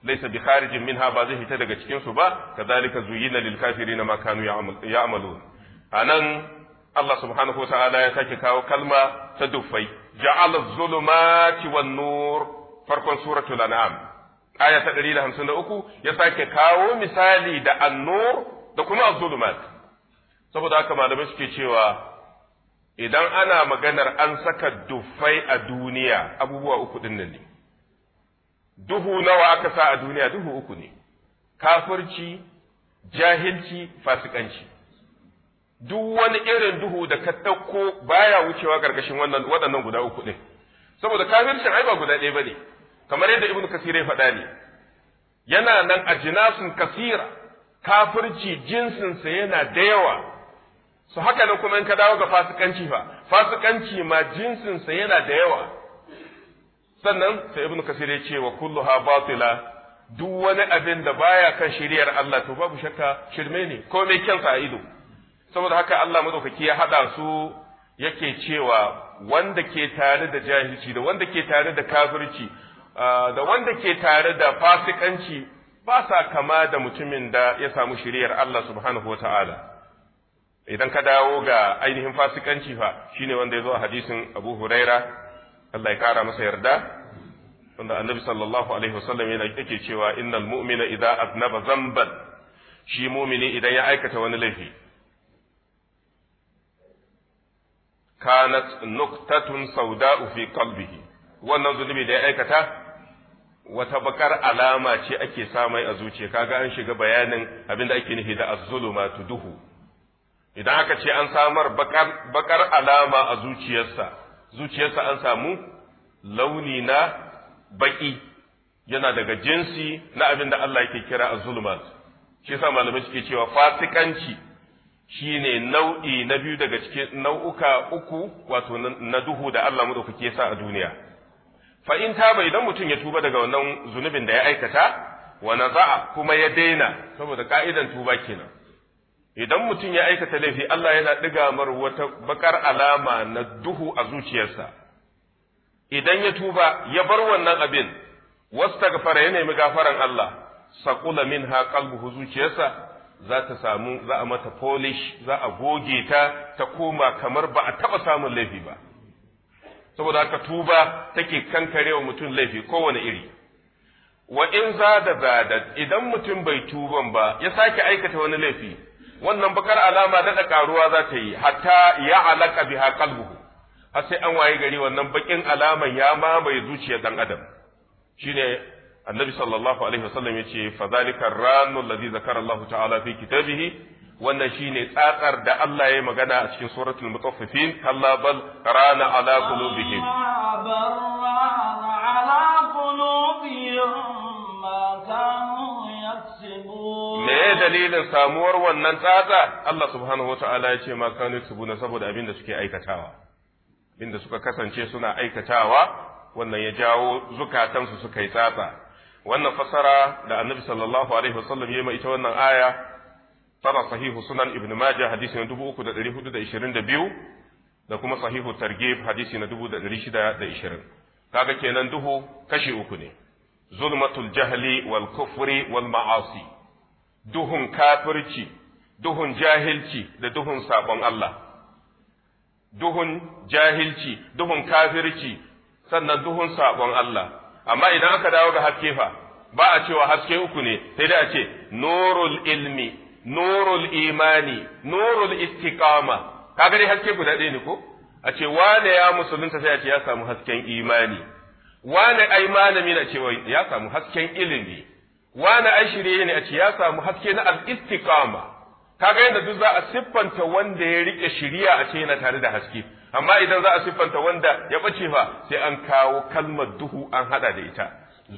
laisa bi kharijin minha ba zai hita daga cikin su ba kadhalika zuyina lil kafirina ma kanu ya'malun anan Allah subhanahu wata'ala ya sake kawo kalma ta dufai, ja'ala zulumati wan nur farkon suratul an'am aya ta 153 ya sake kawo misali da an-nur da kuma az-zulumat saboda haka malamai suke cewa idan ana maganar an saka dufai a duniya abubuwa uku din nan ne duhu nawa aka sa a duniya duhu uku ne kafirci jahilci fasikanci duk wani irin duhu da ka ɗauko baya wucewa ƙarƙashin wannan waɗannan guda uku ɗin saboda kafircin ai ba guda ɗaya bane kamar yadda ibnu kasir ya faɗa ne yana nan a jinasun kasira kafirci jinsinsa yana da yawa su haka nan kuma in ka dawo ga fasikanci fa fasikanci ma jinsin sa yana da yawa sannan sai ibnu kasir ya ce wa kulluha batila duk wani abin da baya kan shiriyar Allah to babu shakka shirme ne ko mai kyansa a ido saboda haka Allah madaukaki ya hada su yake cewa wanda ke tare da jahilci da wanda ke tare da kafirci da wanda ke tare da fasikanci ba sa kama da mutumin da ya samu shiriyar Allah subhanahu wa ta'ala. idan ka dawo ga ainihin fasikanci fa shine wanda ya zo a hadisin Abu Huraira Allah ya kara masa yarda wanda Annabi sallallahu alaihi wasallam yake cewa innal mu'mina idza aznaba zamban shi mu'mini idan ya aikata wani laifi kanat nuqtatun sauda'u fi qalbihi wannan zulumi da ya aikata wata bakar alama ce ake samai a zuciya kaga an shiga bayanin abinda ake nufi da az-zulumatu duhu idan aka ce an samar bakar alama a zuciyarsa zuciyarsa an samu launi na baki yana daga jinsi na abin da Allah yake kira az-zulmat shi yasa malamai suke cewa fasikanci shine nau'i na biyu daga cikin nau'uka uku wato na duhu da Allah madaukake ya sa a duniya fa in bai idan mutum ya tuba daga wannan zunubin da ya aikata wa naza'a kuma ya daina saboda ka'idan tuba kenan idan mutum ya aikata laifi Allah yana ɗiga mar wata bakar alama na duhu a zuciyarsa idan ya tuba ya bar wannan abin gafara ya nemi gafaran Allah saqula minha qalbuhu zuciyarsa za ta samu za a mata polish za a goge ta ta koma kamar ba a taɓa samun laifi ba saboda haka tuba take kankarewa mutum laifi kowane iri wa in zada zadat idan mutum bai tuban ba ya sake aikata wani laifi wannan bakar alama daɗa ƙaruwa za ta yi hatta ya alaka biha qalbuhu har sai an waye gari wannan bakin alaman ya mamaye zuciyar dan adam shine annabi sallallahu alaihi wasallam yace fa zalika ranul ladzi zakara Allah ta'ala fi kitabihi wannan shine tsatsar da Allah ya magana a cikin suratul mutaffifin kalla bal rana ala qulubihim ala qulubihim ma dalilin samuwar wannan tsatsa Allah subhanahu wata'ala ya ce ma kanu tubuna saboda abin da suke aikatawa inda suka kasance suna aikatawa wannan ya jawo zukatansu suka yi tsatsa wannan fasara da annabi sallallahu alaihi wasallam yayi ma ita wannan aya tara sahihu sunan ibn majah hadisi na 3422 da kuma sahihu targhib hadisi na 1620 kaga kenan duhu kashi uku ne zulmatul jahli wal kufri wal ma'asi duhun kafirci duhun jahilci da duhun sabon Allah duhun jahilci duhun kafirci sannan duhun sabon Allah amma idan aka dawo ga haske fa ba a cewa haske uku ne sai dai a ce nurul ilmi nurul imani nurul istiqama Ka gani haske guda ɗaya ne ko a ce wane ya musulunta sai a ce ya samu hasken imani wane ai malami na cewa ya samu hasken ilimi wani ai shirye ne a ce ya samu haske na al Ka kaga yadda duk za a siffanta wanda ya rike shiriya a ce yana tare da haske amma idan za a siffanta wanda ya bace fa sai an kawo kalmar duhu an haɗa da ita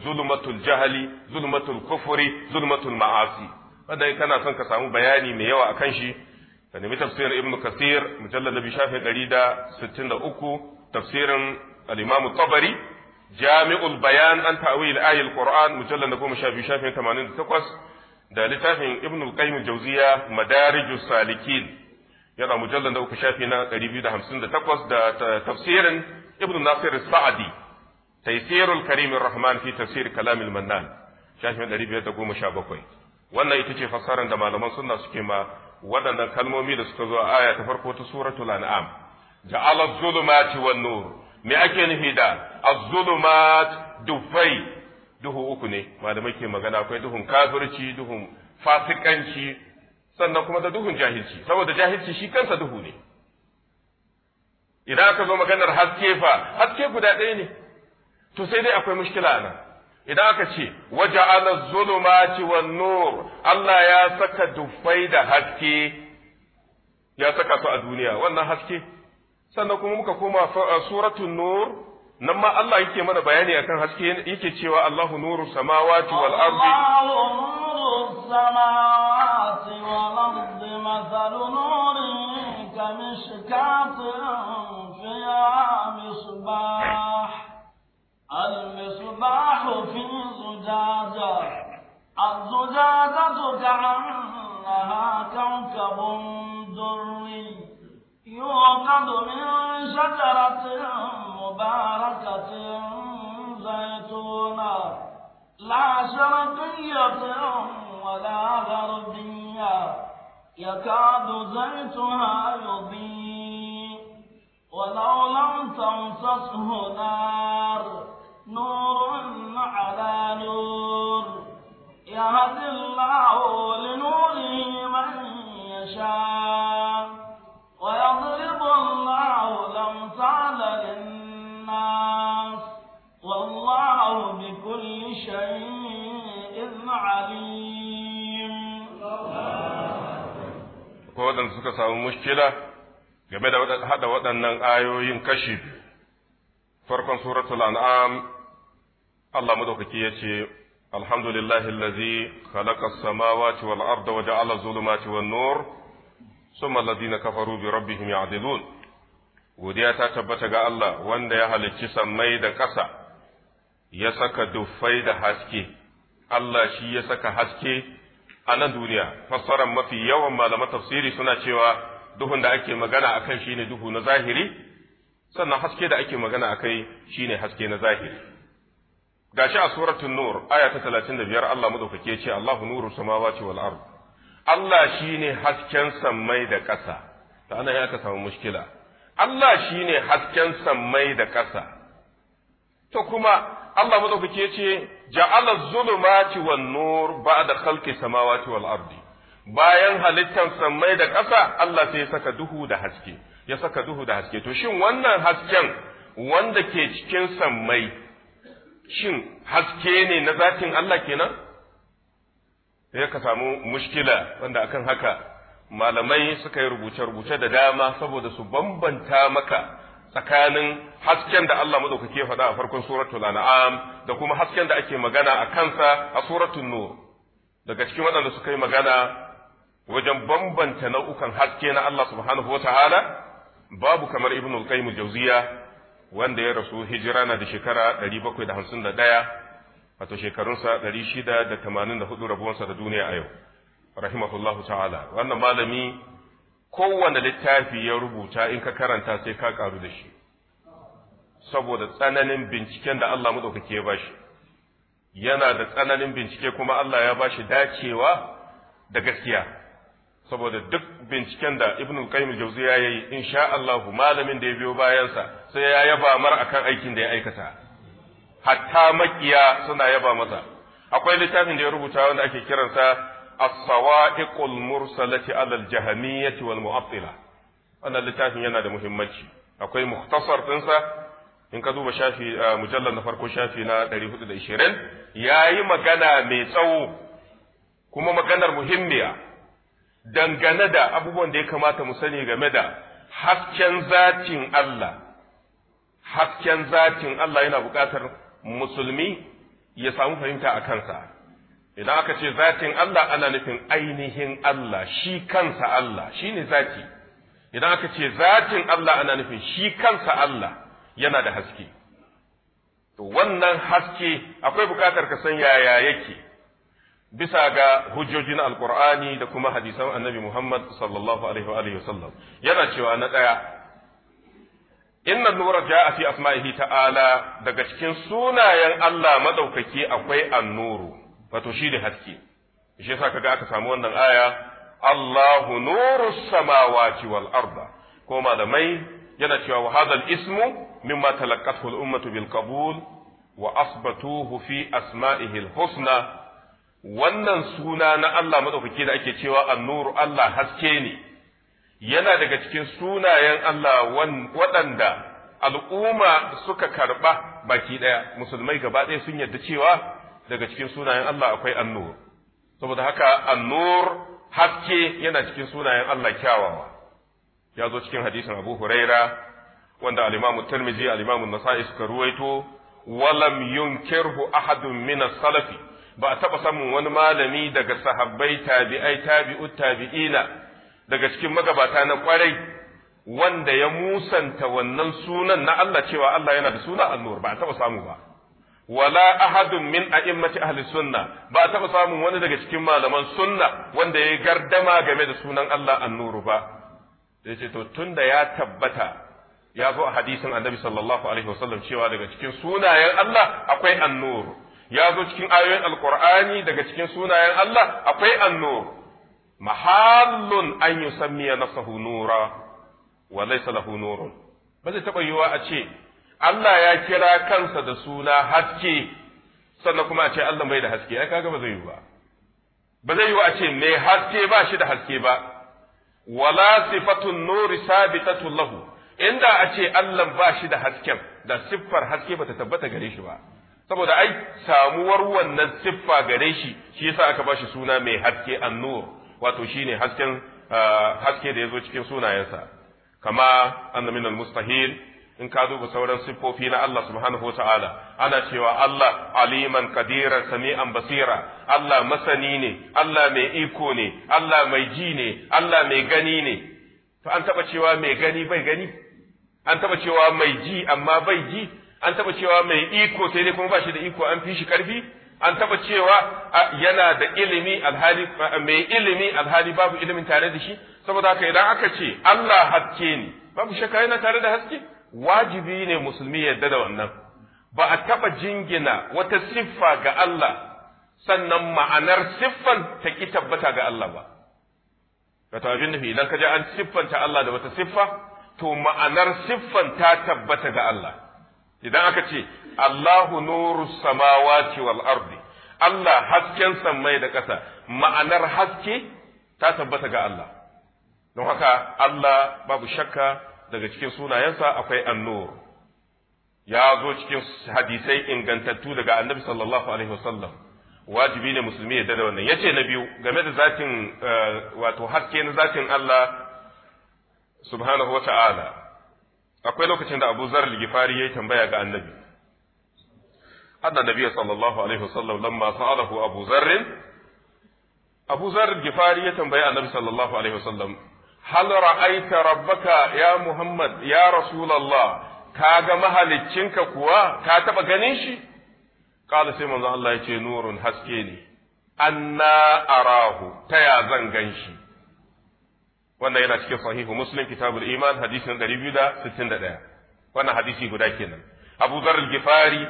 zulmatul jahali zulmatul kufuri, zulmatul ma'asi wanda kana son ka samu bayani mai yawa akan shi ka nemi tafsirin ibnu kasir da sittin shafi uku, tafsirin al-imam tabari jami'ul bayan an ta'wil ayatul qur'an mujallal na goma sha biyu shafin tamanin da takwas da littafin ibnul qayyim jauziya madarijus salikin yana mujallal na uku shafi na ɗari biyu da hamsin da takwas da tafsirin ibn nasir sa'adi taysirul karim rahman fi tafsir kalamil mannan shafin ɗari biyar da goma sha bakwai wannan ita ce fassarar da malaman sunna suke ma waɗannan kalmomi da suka zo a aya ta farko ta suratul an'am ja'ala zulumati wan nur me ake nufi da az-zulumat dufai duhu uku ne malamai ke magana akwai duhun kafirci duhun fasikanci sannan kuma da duhun jahilci saboda jahilci shi kansa duhu ne idan aka zo maganar haske fa haske guda ɗaya ne to sai dai akwai mushkila nan idan aka ce waja'ala zulumati wan nur Allah ya saka dufai da haske ya saka su a duniya wannan haske sannan kuma muka koma suratul nur nan ma Allah yake mana bayani akan haske yake cewa Allahu nuru samawati wal ardi Allahu المصباح في زجاجة الزجاجة كأنها كوكب دري يوقد من شجرة مباركة زيتونة لا شرقية ولا غربية يكاد زيتها يضيء ولو لم تمسسه نار نور على نور يهدي الله لنوره من waɗanda suka samu mushkila game da haɗa waɗannan ayoyin kashi farkon suratul an'am Allah madaukaki ya ce alhamdulillahi allazi khalaqa as-samawati wal arda wa adh-dhulumati wan nur thumma alladhina kafaru bi rabbihim ya'dilun godiya ta tabbata ga Allah wanda ya halicci sammai da ƙasa ya saka duffai da haske Allah shi ya saka haske a nan duniya fassarar mafi yawan malaman tafsiri suna cewa duhun da ake magana akan shine duhu na zahiri sannan haske da ake magana akai shine haske na zahiri shi a suratul nur aya ta 35 Allah madaukake ce Allahu nuru samawati wal ard Allah shine hasken sammai da ƙasa ta anan ya ka samu mushkila Allah shine hasken sammai da ƙasa to kuma Allah madaukaki ya ce ja'ala zulumati wan nur ba'da khalqi samawati wal ardi bayan halittan sammai da ƙasa Allah sai ya saka duhu da haske ya saka duhu da haske to shin wannan hasken wanda ke cikin sammai shin haske ne na zatin Allah kenan sai ka samu mushkila wanda akan haka malamai suka yi rubuce-rubuce da dama saboda su bambanta maka tsakanin hasken da Allah madaukake ya faɗa a farkon suratul lana'am da kuma hasken da ake magana a kansa a suratul nur daga cikin waɗanda suka yi magana wajen bambanta nau'ukan haske na Allah subhanahu wataala babu kamar Ibn al-qayyim jawziya wanda ya rasu hijira na da shekara 751 wato shekarunsa 684 rabuwansa da duniya a yau rahimahullahu ta'ala wannan malami kowane littafi ya rubuta in ka karanta sai ka karu da shi saboda tsananin binciken da Allah ke ya shi, yana da tsananin bincike kuma Allah ya ba shi dacewa da gaskiya saboda duk binciken da Ibn Qayyim al-Jawziya yayi insha Allah malamin da ya biyo bayansa sai ya yaba mar akan aikin da ya aikata hatta makiya suna yaba masa akwai littafin da ya rubuta wanda ake kiransa as-sawa'iqul mursalati ala al-jahmiyyati wal mu'attila wannan littafin yana da muhimmanci akwai muktasar dinsa in ka duba shafi mujallar na farko shafi na 420 yayi magana mai tsawo kuma maganar muhimmiya dangane da abubuwan da ya kamata mu sani game da hasken zatin Allah hasken zatin Allah yana buƙatar musulmi ya samu fahimta a kansa idan aka ce zatin Allah ana nufin ainihin Allah shi kansa Allah shi ne zati idan aka ce zatin Allah ana nufin shi kansa Allah yana da haske to wannan haske akwai bukatar ka san yaya yake bisa ga hujjojin Alƙur'ani da kuma hadisan annabi Muhammad sallallahu alaihi wa alihi wasallam yana cewa na daya inna nura ja'a fi asma'ihi ta'ala daga cikin sunayen Allah madaukaki akwai annuru wato shi da haske shi yasa kaga aka samu wannan aya Allahu nuru samawati wal arda ko malamai yana cewa wa hadha ismu mimma talaqqathu al ummatu bil qabul wa asbatuhu fi asma'ihi al husna wannan suna na Allah madaukake da ake cewa annuru Allah haske ne yana daga cikin sunayen Allah waɗanda al'umma suka karɓa baki ɗaya musulmai gaba ɗaya sun yarda cewa daga cikin sunayen Allah akwai annur saboda haka annur haske yana cikin sunayen Allah kyawawa ya zo cikin hadisin Abu Huraira wanda al-Imam Tirmidhi al-Imam Nasa'i suka ruwaito walam yunkirhu ahadun min as-salafi ba a taba samun wani malami daga sahabbai tabi'ai tabi'u, tabi'ina daga cikin magabata na kwarai wanda ya musanta wannan sunan na Allah cewa Allah yana da suna annur ba a taba samu ba wala ahadun min a'immati ahli sunna ba taɓa samun wani daga cikin malaman sunna wanda ya gardama game da sunan Allah annuru ba sai ce to tunda ya tabbata ya zo a hadisin annabi sallallahu alaihi wasallam cewa daga cikin sunayen Allah akwai annur ya zo cikin ayoyin alqur'ani daga cikin sunayen Allah akwai annur mahallun an yusammiya nafsahu nura wa laysa lahu nurun ba zai taɓa a ce Allah ya kira kansa da suna haske sannan kuma a ce Allah bai da haske ai kaga ba zai yi ba ba zai yi a ce me haske ba shi da haske ba wala sifatun nuri sabitatu lahu inda a ce Allah ba shi da hasken da siffar haske bata tabbata gare shi ba saboda ai samuwar wannan siffa gare shi shi yasa aka ba shi suna mai haske annur wato shine hasken ah, haske da ya zo cikin sunayensa kama anna mustahil in ka duba sauran siffofi na Allah subhanahu wa ta'ala ana cewa Allah aliman kadiran sami'an basira Allah masani ne Allah mai iko ne Allah mai ji ne Allah mai gani ne to an taɓa cewa mai gani bai gani an taɓa cewa mai ji amma bai ji an taɓa cewa mai iko sai dai kuma ba shi da iko an fi shi karfi an taɓa cewa yana da ilimi alhali mai ilimi alhali babu ilimin tare da shi saboda haka idan aka ce Allah haske ne babu shakka yana tare da haske wajibi ne musulmi yadda da wannan ba a taɓa jingina wata siffa ga Allah sannan ma'anar siffan ta ki tabbata ga Allah ba wato abin nufi idan ka je an siffanta Allah da wata siffa to ma'anar siffan ta tabbata ga Allah idan aka ce Allahu nuru samawati wal ardi Allah hasken sammai da ƙasa ma'anar haske ta tabbata ga Allah don haka Allah babu shakka daga cikin sunayensa akwai annur ya zo cikin hadisai ingantattu daga annabi sallallahu alaihi wasallam wajibi ne musulmi ya da wannan yace na biyu game da zatin eh, wato haske na zatin Allah subhanahu wata'ala akwai lokacin da Abu Zar al-Ghifari yayi tambaya ga annabi anna nabiyyu sallallahu alaihi wasallam lamma sa'alahu Abu Zar Abu Zar al-Ghifari ya tambaya annabi sallallahu alaihi wasallam hal ra'aita rabbaka ya Muhammad ya Rasulullah ka ga mahaliccinka kuwa ka taɓa ganin shi qala sai manzo Allah yace nurun haske ne anna arahu taya zan ganshi. shi wannan yana cikin sahihu muslim kitabul iman hadisin 261 wannan hadisi guda kenan Abu Dharr al-Ghifari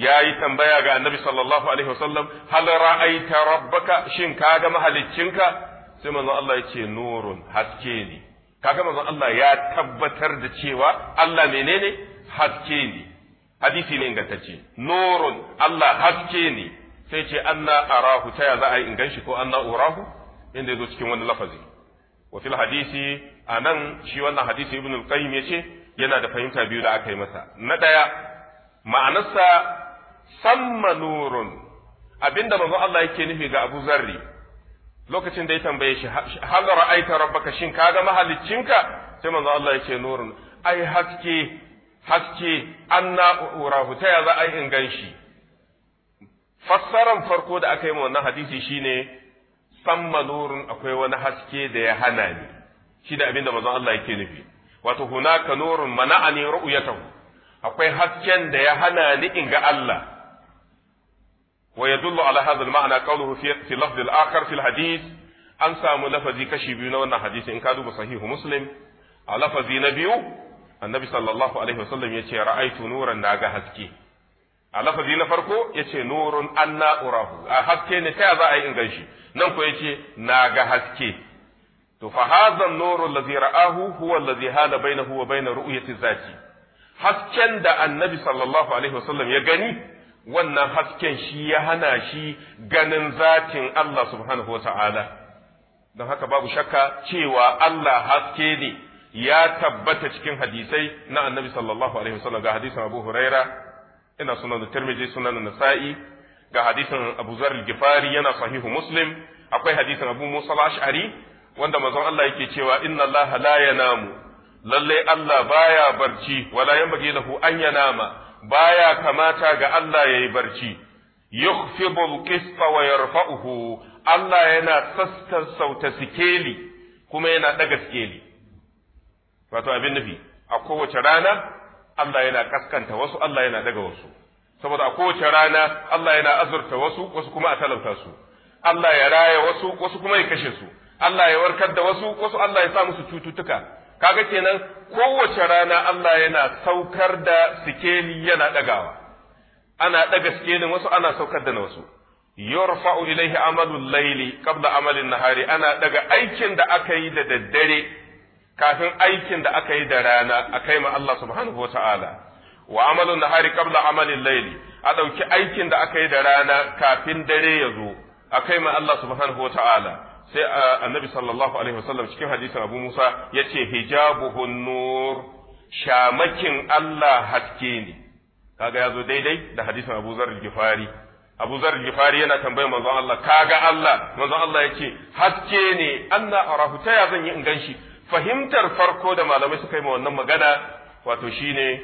yayi tambaya ga Annabi sallallahu alaihi wasallam hal ra'aita rabbaka shin ka ga mahaliccinka sai manzon Allah ya ce nurun haske ne kaga manzon Allah ya tabbatar da cewa Allah menene haske ne hadisi ne ingantacce nurun Allah haske ne sai ce anna arahu ta ya za a yi inganshi ko anna urahu inda yazo cikin wani lafazi wa fil hadisi anan shi wannan hadisi ibn al-qayyim yace yana da fahimta biyu da aka yi masa na daya ma'anarsa samma nurun abinda manzo Allah yake nufi ga Abu Zarri lokacin da ya tambaye shi hal ra'aita rabbaka shin ka ga mahaliccinka sai manzo Allah ya ce nurun ai haske haske anna urahu ta za a in ganshi shi fassaran farko da aka yi ma wannan hadisi shine samma nurun akwai wani haske da ya hana ni shi da abinda manzo Allah yake nufi wato hunaka nurun mana'ani ru'yatahu akwai hasken da ya hana ni in ga Allah ويدل على هذا المعنى قوله في, في لفظ الآخر في الحديث an samu lafazi kashi biyu na wannan hadis. in ka duba sahihu muslim a lafazi na biyu annabi sallallahu alaihi wasallam yace ra'aitu nuran naga haske a lafazi na farko yace nurun anna urahu a haske ne ta za a yi in ganshi nan ko yace naga haske to fa hadha an-nuru alladhi ra'ahu huwa alladhi hala bainahu wa bain zati hasken da annabi sallallahu alaihi ya gani wannan hasken shi ya hana shi ganin zatin Allah subhanahu ta'ala. don haka babu shakka cewa Allah haske ne ya tabbata cikin hadisai na annabi sallallahu alaihi wasallam ga hadisin Abu Huraira ina sunan Tirmidhi sunan Nasa'i ga hadisin Abu Zar al yana sahihu Muslim akwai hadisin Abu Musa ashari wanda manzon Allah yake cewa inna Allah la yanamu lalle Allah baya barci wala yanbaghi lahu an yanama baya kamata ga Allah yayi barci yukhfidu al-qista wa yarfa'uhu Allah yana sassan sauta sikeli kuma yana daga sikeli wato abin nufi a kowace rana Allah yana kaskanta wasu Allah yana daga wasu saboda a kowace rana Allah yana azurta wasu wasu kuma a talauta su Allah ya raya wasu wasu kuma ya kashe su Allah ya warkar da wasu wasu Allah ya sa musu cututtuka kaga kenan kowace rana Allah yana saukar da sikeli yana ɗagawa ana ɗaga sikelin wasu ana saukar da na wasu yurfa'u ilaihi amalul laili qabla amalin nahari ana ɗaga aikin da aka yi da daddare kafin aikin da aka yi da rana akai ma Allah subhanahu wata'ala wa amalun nahari qabla amalin laili a ɗauki aikin da aka yi da rana kafin dare ya zo akai ma Allah subhanahu wata'ala sai annabi sallallahu alaihi wasallam cikin hadisin abu musa ya ce hijabuhun nur shamakin allah haske ne kaga ya zo daidai da hadisin abu zar gifari abu zar gifari yana tambayar manzon allah kaga allah manzon allah ya ce haske ne anna arahu ta ya zan yi in ganshi fahimtar farko da malamai suka yi ma wannan magana wato shine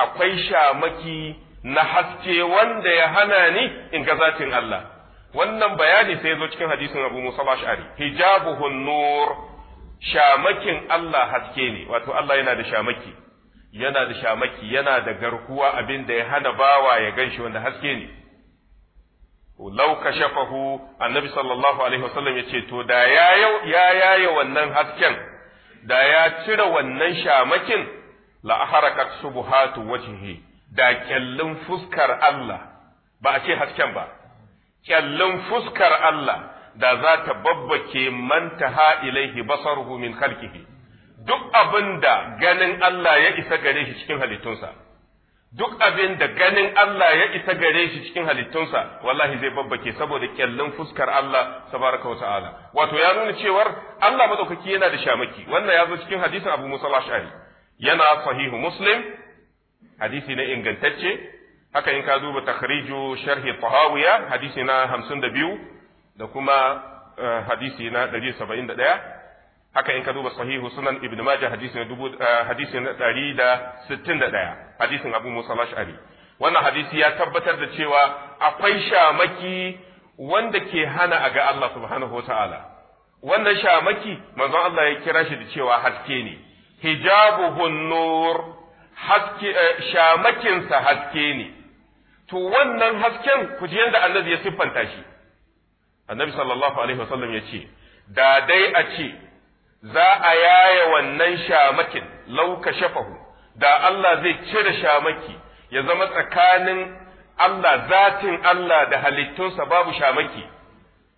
akwai shamaki na haske wanda ya hana ni in ga zatin allah wannan bayani sai zo cikin hadisin Abu Musa al-Ash'ari hijabuhu nur shamakin Allah haske ne wato Allah yana da shamaki yana da shamaki yana da garkuwa abinda ya hana bawa ya ganshi wanda haske ne law kashafahu annabi sallallahu alaihi wasallam yace to da ya ya yaye wannan hasken da ya cire wannan shamakin la harakat subuhatu wajhi da kyallin fuskar Allah ba a ce hasken ba kyallin fuskar Allah da za ta babbake mantaha ilaihi basaruhu min khalqihi duk abin da ganin Allah ya isa gare shi cikin halittunsa duk abin da ganin Allah ya isa gare shi cikin halittunsa wallahi zai babbake saboda kyallin fuskar Allah tabaraka wa ta'ala wato ya nuna cewar Allah madaukaki yana da shamaki wannan ya zo cikin hadisin Abu Musa al-Ash'ari yana sahihu Muslim hadisi ne ingantacce haka in ka duba takhriju sharhi tahawiya hadisi na hamsin da biyu, da kuma eh, hadisi na saba'in da ɗaya, haka in ka duba sahihu sunan ibn majah hadisi na dubu eh, hadisi na 161 hadisin abu musa al-ash'ari wannan hadisi ya tabbatar da cewa akwai shamaki wanda ke hana a ga Allah subhanahu wa ta'ala wannan shamaki manzon Allah ya kira shi da cewa haske ne hijabuhun nur haske eh, shamakinsa haske ne to wannan hasken ku ji yadda annabi ya siffanta shi annabi sallallahu alaihi wasallam ya ce da dai a ce za a yaya wannan shamakin lauka shafahu da Allah zai cire shamaki ya zama tsakanin Allah zatin Allah da halittunsa babu shamaki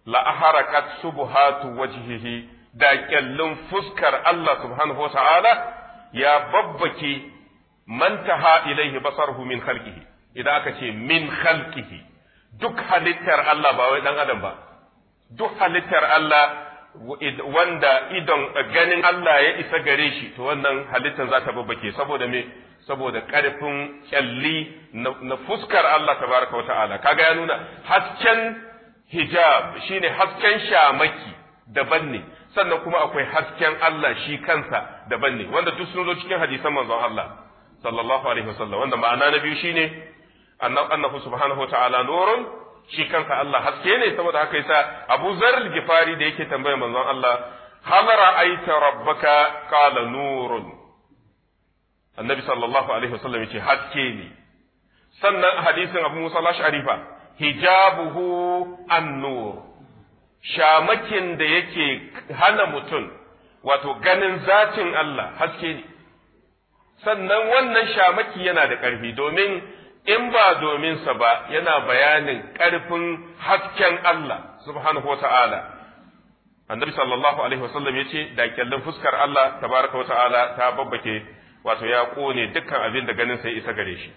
la aharakat subuhatu wajhihi da kyallin fuskar Allah subhanahu wa ta'ala ya babbake mantaha ilaihi basarhu min khalqihi idan aka ce min khalqihi duk halittar Allah ba wai dan adam ba duk halittar Allah wanda idon ganin Allah ya isa gare shi to wannan halittar za ta babbake saboda me saboda karfin kyalli na fuskar Allah tabaraka wata'ala kaga ya nuna hasken hijab shine hasken shamaki daban ne sannan kuma akwai hasken Allah shi kansa daban ne wanda duk sun zo cikin hadisan manzon Allah sallallahu alaihi wasallam wanda ma'ana na biyu shine annahu subhanahu wa ta'ala nurun shi kansa Allah haske ne saboda haka yasa Abu Zar al-Gifari da yake tambayar manzon Allah hal ra'aita rabbaka qala nurun annabi sallallahu alaihi wasallam yace haske ne sannan hadisin Abu Musa al-Ash'ari fa hijabuhu an-nur shamakin da yake hana mutum wato ganin zatin Allah haske ne sannan wannan shamaki yana da ƙarfi domin in ba dominsa ba yana bayanin ƙarfin hasken Allah subhanahu wa ta'ala annabi sallallahu alaihi wasallam yace da kyallin fuskar Allah baraka wa ta'ala ta babbake wato ya ƙone dukkan abin da ganin sai isa gare shi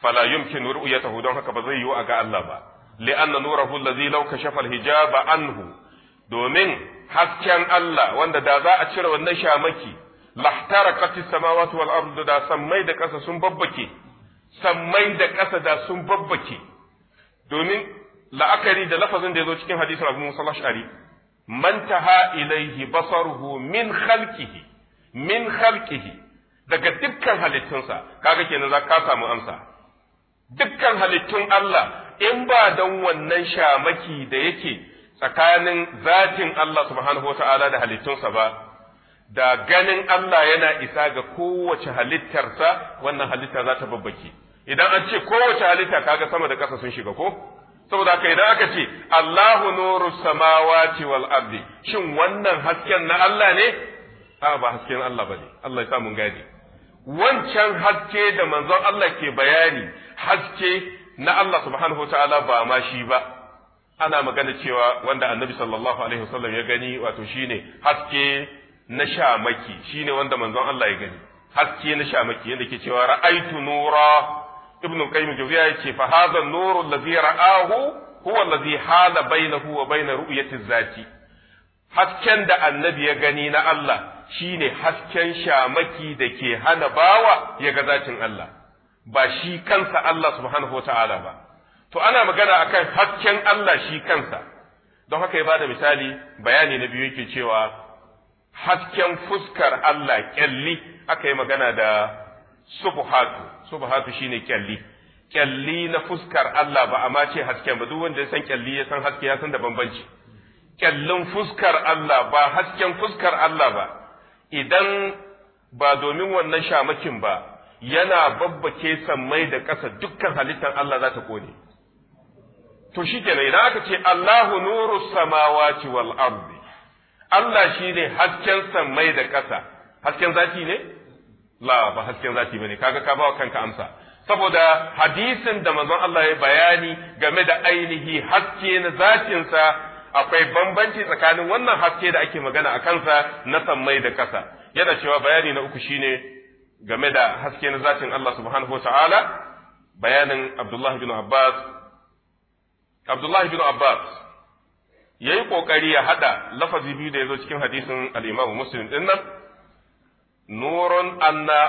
fala ya ru'yatahu don haka ba zai yiwu a ga Allah ba li'anna nurahu allazi law kashafa hijaba anhu domin hasken Allah wanda da za a cire wannan shamaki lahtaraqat as-samawati wal ardu da sammai da ƙasa sun babbake sammai da ƙasa da sun babbake domin la'akari da lafazin da ya zo cikin hadisin abu musa ash'ari man taha ilaihi basaruhu min khalqihi min khalqihi daga dukkan halittunsa kaga kenan za ka samu amsa dukkan halittun Allah in ba dan wannan shamaki da yake tsakanin zatin Allah subhanahu wata'ala da halittunsa ba da ganin Allah yana isa ga kowace halittarsa wannan halitta za ta babbake idan an ce kowace halitta ga sama da ƙasa sun shiga ko saboda haka idan aka ce Allahu nuru samawati wal ardi shin wannan hasken na Allah ne a ba hasken Allah bane Allah ya sa mun wancan haske da manzon Allah ke bayani haske na Allah subhanahu ta'ala ba ma shi ba ana magana cewa wanda annabi sallallahu alaihi wasallam ya gani wato shine haske na shamaki shine wanda manzon Allah ya gani haske na shamaki yadda ke cewa ra'aytu nura ibn al-qayyim jawziya yace fa hadha an-nur alladhi ra'ahu huwa alladhi hala bainahu wa bain ru'yati zati hasken da annabi ya gani na Allah shine hasken shamaki da ke hana bawa ya ga zatin Allah ba shi kansa Allah subhanahu ala ba to ana magana akan hasken Allah shi kansa don haka ya bada misali bayani na biyu yake cewa hasken fuskar Allah ƙyalli aka yi magana da subhatu subhatu shine kyalli kyalli na fuskar Allah ba a ce hasken ba duk wanda ya san kyalli ya san haske ya san da bambanci kyallin fuskar Allah ba hasken fuskar Allah ba idan ba domin wannan shamakin ba yana babbake sammai da ƙasa dukkan halittar Allah za ta kone to shi kenan idan aka ce Allahu nuru samawati wal ardi Allah shine hasken sammai da ƙasa hasken zaki ne la ba hasken zati bane kaga ka ba kanka amsa saboda hadisin da manzon Allah ya bayani game da ainihi haske na zatinsa akwai bambanci tsakanin wannan haske da ake magana a kansa na sammai da kasa yana cewa bayani na uku shine game da haske na zatin Allah subhanahu wataala bayanin Abdullah bin Abbas Abdullah bin Abbas yayi kokari ya hada lafazi biyu da yazo cikin hadisin al-Imam Muslim din nan nurun anna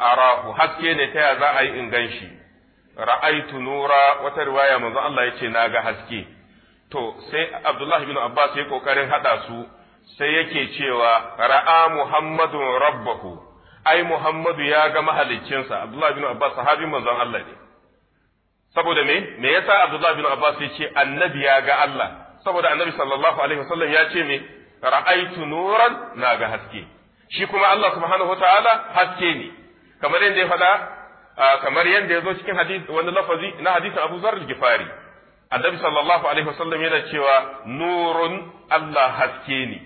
arahu haske ne ta ya za a yi in gan shi ra'aitu nura wata riwaya manzo Allah yace na ga haske to sai Abdullahi bin Abbas yayi kokarin hada su sai yake cewa ra'a Muhammadun rabbahu ai Muhammadu ya ga mahaliccinsa Abdullahi bin Abbas sahabin manzo Allah ne saboda me me yasa Abdullahi bin Abbas yace annabi ya ga Allah saboda annabi sallallahu alaihi wasallam ya ce me ra'aitu nuran na ga haske shi kuma Allah subhanahu wataala haske ne kamar yadda ya faɗa kamar yadda ya zo cikin wani lafazi na hadisin Abu Zar al-Gifari annabi sallallahu alaihi wasallam yana cewa nurun Allah haske ne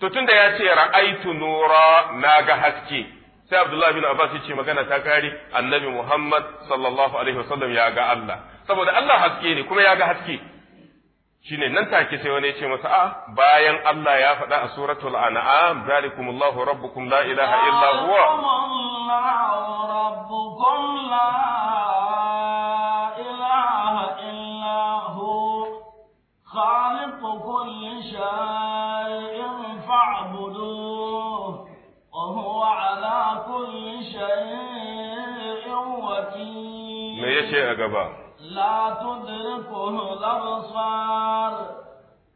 to tunda ya ce ra'aitu nura na ga haske sai Abdullah bin Abbas ya ce magana ta kare annabi Muhammad sallallahu alaihi wasallam ya ga Allah saboda Allah haske ne kuma ya ga haske shine nan take sai wani ya ce masa a bayan Allah ya faɗa a suratul an'am zalikumullahu rabbukum la ilaha illa huwa rabbukum la ilaha illa hu khaliqu kulli shay'in fa'buduhu wa huwa ala kulli shay'in wakeel me yace a gaba لا تدركه الأبصار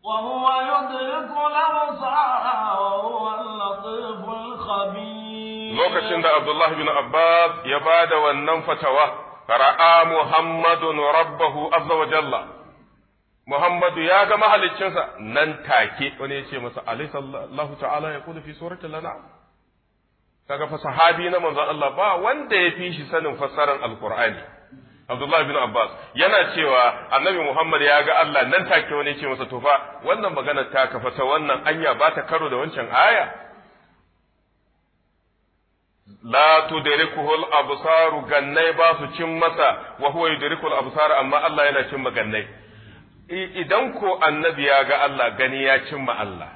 وهو يدرك الأبصار وهو اللطيف الخبير لوكشن ده عبد الله بن عباس يباد ونم فتوى رأى محمد ربه عز وجل محمد يا جماعة للشمسة ننتاكي ونيشي مسا أليس الله تعالى يقول في سورة لنا kaga fa من na الله با وان دي فيش fi shi القرآن Abdullah bin Abbas yana cewa Annabi Muhammad ya ga Allah nan take wani ce masa to wannan magana ta kafa ta wannan anya ba ta karo da wancan aya la tudrikuhu al-absar gannai ba su cin masa wa huwa yudriku al-absar amma Allah yana cin gannai. idan ko Annabi ya ga Allah gani ya cin ma Allah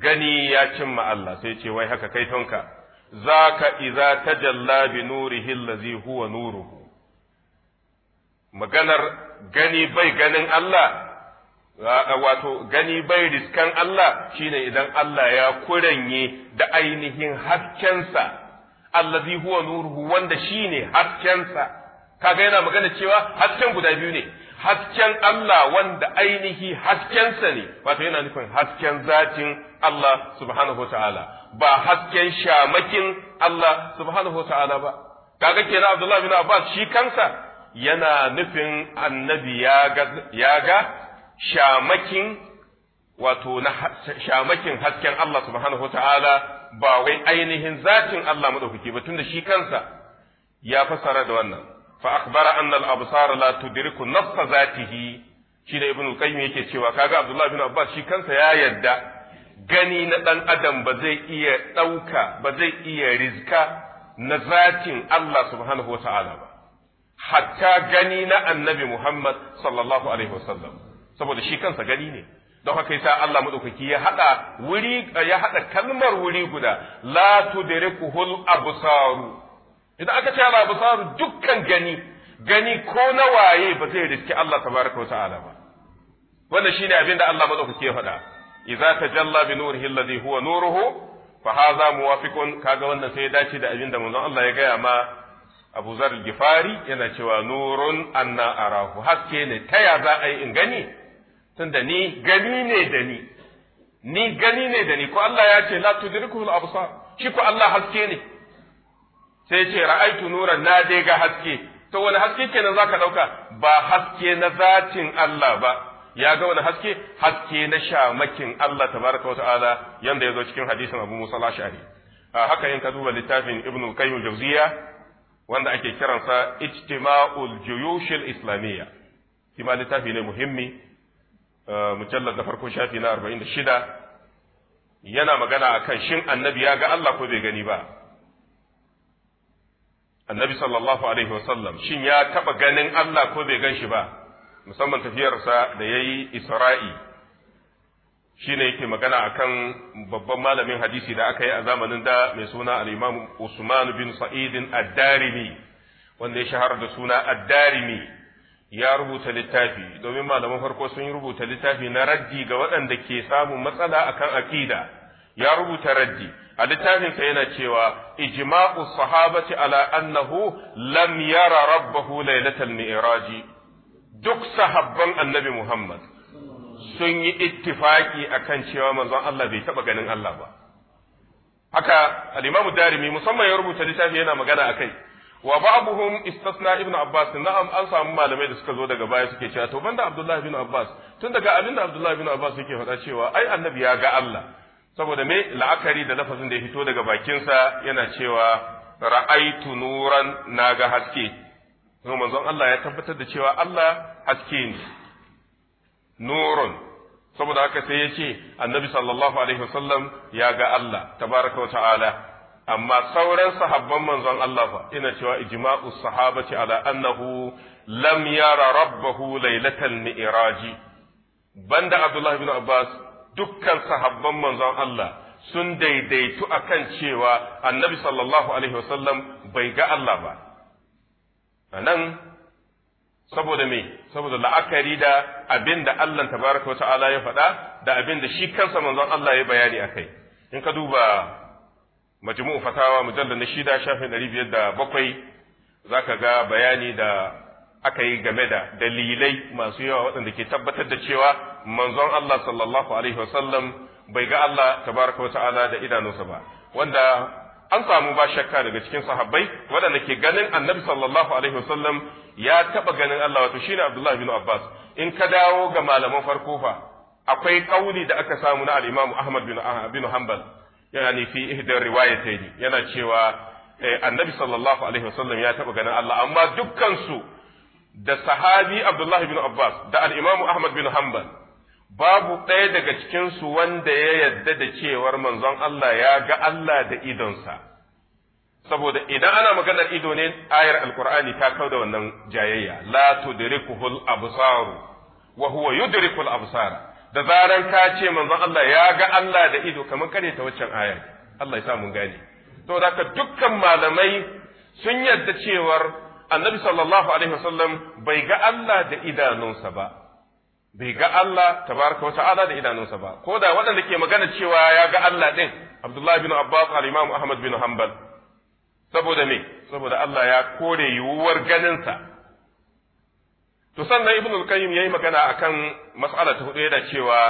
gani ya cin ma Allah sai ce wai haka kai tonka zaka iza tajalla bi nurihi allazi huwa nuruhu maganar gani bai ganin Allah wato gani bai riskan Allah shine idan Allah ya kuranye da ainihin haskensa Allah zai huwa nuruhu wanda shine haskensa kaga yana magana cewa hasken guda biyu ne hasken Allah wanda ainihi haskensa ne wato yana nufin hasken zatin Allah subhanahu ta'ala ba hasken shamakin Allah subhanahu ta'ala ba kaga kenan Abdullahi bin Abbas shi kansa yana nufin annabi ya ga shamakin wato na shamakin hasken Allah subhanahu ta'ala ba wai ainihin zatin Allah madaukaki ba tunda shi kansa ya fassara da wannan fa akhbara anna al-absar la tudriku nafsa zatihi shi da ibnu qayyim yake cewa kaga abdullah bin abbas shi kansa ya yadda gani na dan adam ba zai iya dauka ba zai iya rizka na zatin Allah subhanahu ta'ala ba hatta gani na annabi Muhammad sallallahu alaihi wasallam saboda shi kansa gani ne don haka yasa Allah madaukaki ya haɗa wuri ya kalmar wuri guda la tudrikuhul absaru idan aka ce al dukkan gani gani ko na waye ba zai riski Allah tabaraka wa ta'ala ba wannan shine abin da Allah madaukaki ya faɗa ta tajalla bi nurihi alladhi huwa nuruhu fa hadha muwafiqun kaga wannan sai ya dace da abin da manzon Allah ya gaya ma abu zar gifari yana cewa nurun anna arahu haske ne ta ya za a yi in gani tunda ni gani ne da ni ni gani ne da ni ko Allah ya ce la tudrikul absar shi ko Allah haske ne sai ce ra'aitu nuran na dai ga haske to wani haske kenan zaka dauka ba haske na zatin Allah ba ya ga wani haske haske na shamakin Allah tabaraka wa ta'ala yanda zo cikin hadisin Abu Musa al-Ash'ari haka in ka duba littafin Ibn al-Qayyim al wanda ake kiransa ijtima'ul juyushil islamiyya kima littafi ne muhimmi uh, mujallar da farko shafi na 46 yana magana akan shin annabi ya ga Allah ko bai gani ba annabi sallallahu alaihi wasallam shin ya taɓa ganin Allah ko bai gan shi ba musamman tafiyarsa da yayi isra'i shine yake magana akan babban malamin hadisi da aka yi a zamanin da mai suna al Usman bin sa'idin addarimi darimi wanda ya shahara da suna addarimi ya rubuta littafi domin malaman farko sun rubuta littafi na raddi ga waɗanda ke samun matsala akan aƙida ya rubuta raddi a littafin sa yana cewa ijma'u sahabati ala annahu lam yara rabbahu lailatal mi'raji duk sahabban annabi Muhammad sun yi ittifaki kan cewa manzon Allah bai taɓa ganin Allah ba. Haka al'imamu darimi musamman ya rubuta littafi yana magana a kai, wa ba'abuhum istasna ibn Abbas na'am an samu malamai da suka zo daga baya suke cewa to banda Abdullahi ibn Abbas tun daga abin da Abdullahi Abbas yake faɗa cewa ai annabi ya ga Allah saboda me la'akari da lafazin da ya fito daga bakinsa yana cewa ra'aitu nuran ga haske. Manzon Allah ya tabbatar da cewa Allah haske ne. nurun saboda haka sai ya ce annabi sallallahu alaihi wasallam ya ga Allah tabaraka ta'ala amma sauran sahabban manzon Allah fa ina cewa ijma'u sahabati ala annahu lam yara rabbahu lailatal mi'raji banda Abdullah ibn Abbas dukkan sahabban manzon Allah sun daidaitu akan cewa annabi sallallahu alaihi wasallam bai ga Allah ba anan saboda me saboda la'akari da abin da Allah tabaraka wa ta'ala ya faɗa da abin da shi kansa manzon Allah ya bayani akai in ka duba majmu'u fatawa mujallal na shida shafin ɗari biyar da bakwai zaka ga bayani da aka yi game da dalilai masu yawa waɗanda ke tabbatar da cewa manzon Allah sallallahu alaihi wasallam bai ga Allah tabaraka wa ta'ala da idanunsa ba wanda an samu ba shakka daga cikin sahabbai waɗanda ke ganin annabi sallallahu alaihi wasallam ya taɓa ganin Allah wato shine Abdullah bin Abbas in ka dawo ga malaman farko fa akwai kauli da aka samu na al-Imam Ahmad bin ah, bin Hanbal yani fi ihda riwayatayn yana cewa eh, annabi sallallahu alaihi wasallam ya taɓa ganin Allah amma dukkan su da sahabi Abdullah bin Abbas da al-Imam Ahmad bin Hanbal babu ɗaya daga cikin su wanda ya yadda da cewar manzon Allah ya ga Allah da idonsa saboda idan ana maganar ido ne ayar alkur'ani ta da wannan jayayya la tudrikuhul absaru wa huwa yudrikul da zaran ka ce manzon Allah ya ga Allah da ido kamar kare ta waccan ayar Allah ya sa mun gane to da dukkan malamai sun yarda cewar annabi sallallahu alaihi wasallam bai ga Allah da idanunsa ba bai ga Allah tabaraka wa ta'ala da idanunsa ba ko da waɗanda ke magana cewa ya ga Allah din Abdullah bin Abbas al-Imam Ahmad bin Hanbal saboda me saboda Allah ya kore yiwuwar ganinsa to sannan Ibn al-qayyim yayi magana akan mas'ala ta hudu yana cewa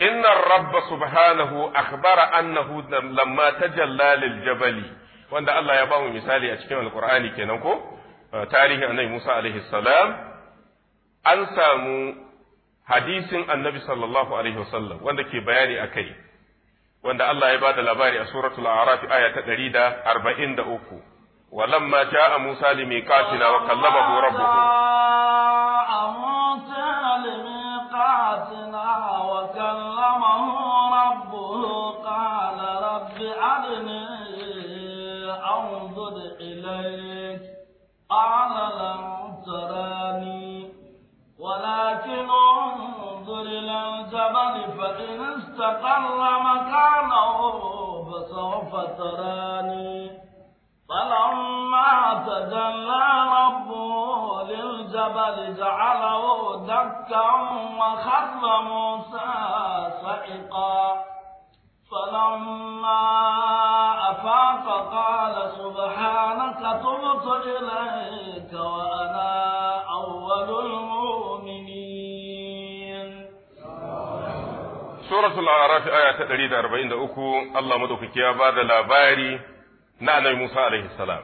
inna rabba subhanahu akhbara annahu lamma tajalla lil jabali wanda Allah ya bamu misali a cikin alqur'ani kenan ko tarihin annabi Musa alaihi salam an samu hadisin annabi sallallahu alaihi wasallam wanda ke bayani akai wanda Allah ya bada labari a suratul a'raf aya ta 143 walamma ja'a Musa limiqatina wa wa kallamahu rabbuhu qala rabbi adni anzur استقر مكانه فسوف تراني فلما تجلى ربه للجبل جعله دكا وخر موسى سحقا فلما أفاق قال سبحانك تبت إليك وأنا أول المؤمنين suratul araf aya ta 143 Allah madaukaki ya ba da labari na annabi Musa alaihi salam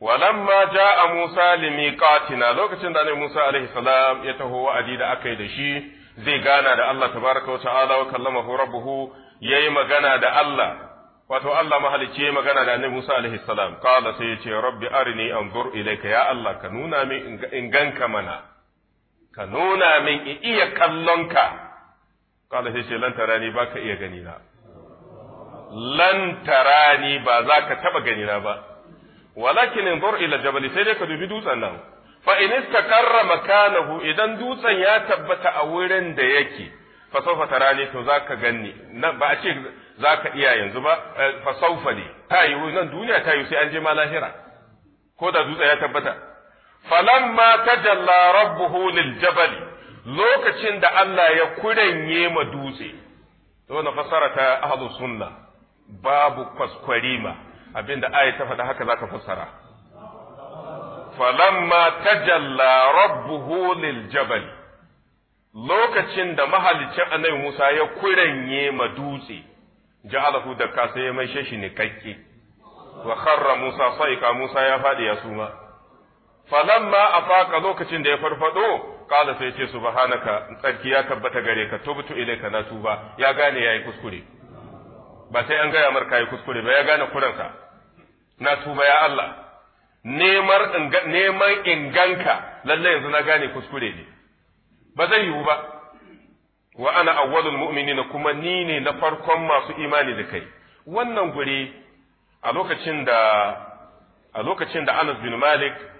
walamma jaa Musa limiqatina lokacin da annabi Musa alaihi salam ya taho wa'adi da yi da shi zai gana da Allah tabaraka wa ta'ala wa kallamahu rabbuhu yayi magana da Allah wato Allah mahalicci yayi magana da annabi Musa alaihi salam qala sai ya ce rabbi arini anzur ilayka ya Allah ka nuna min in mana ka nuna min in iya ka. kala sai ce lan tarani ba ka iya gani na lan tarani ba za ka taba gani ba walakin inzur ila jabali sai dai ka dubi dutsen nan fa in istakarra makanahu idan dutsen ya tabbata a wurin da yake fa tarani to za ka ganni ce za ka iya yanzu ba eh, fa ne ta yiwu nan duniya ta yiwu sai an je ma lahira ko da dutsen ya tabbata falamma tajalla rabbuhu lil jabali lokacin da Allah ya kuranye ma dutse to na fasara ta ahlus sunna babu kwaskwarima abinda ayi ta faɗa haka zaka fasara. falamma tajalla rabbuhu lil jabal lokacin da mahalicin annabi Musa ya kuranye ma dutse ja'alahu da sai ya shashi ne nikakke wa kharra Musa saika Musa ya faɗi ya suma falamma afaka lokacin da ya farfaɗo. kala sai ce subhanaka tsarki ya tabbata gare ka tubtu ilayka na tuba ya gane yayi kuskure ba sai an gaya marka yayi kuskure ba ya gane kuranka na tuba ya Allah nemar neman inganka lalle yanzu na gane kuskure ne ba zai yiwu ba wa ana awwalul mu'minina kuma ni ne na farkon masu imani da kai wannan guri a lokacin da a lokacin da Anas bin Malik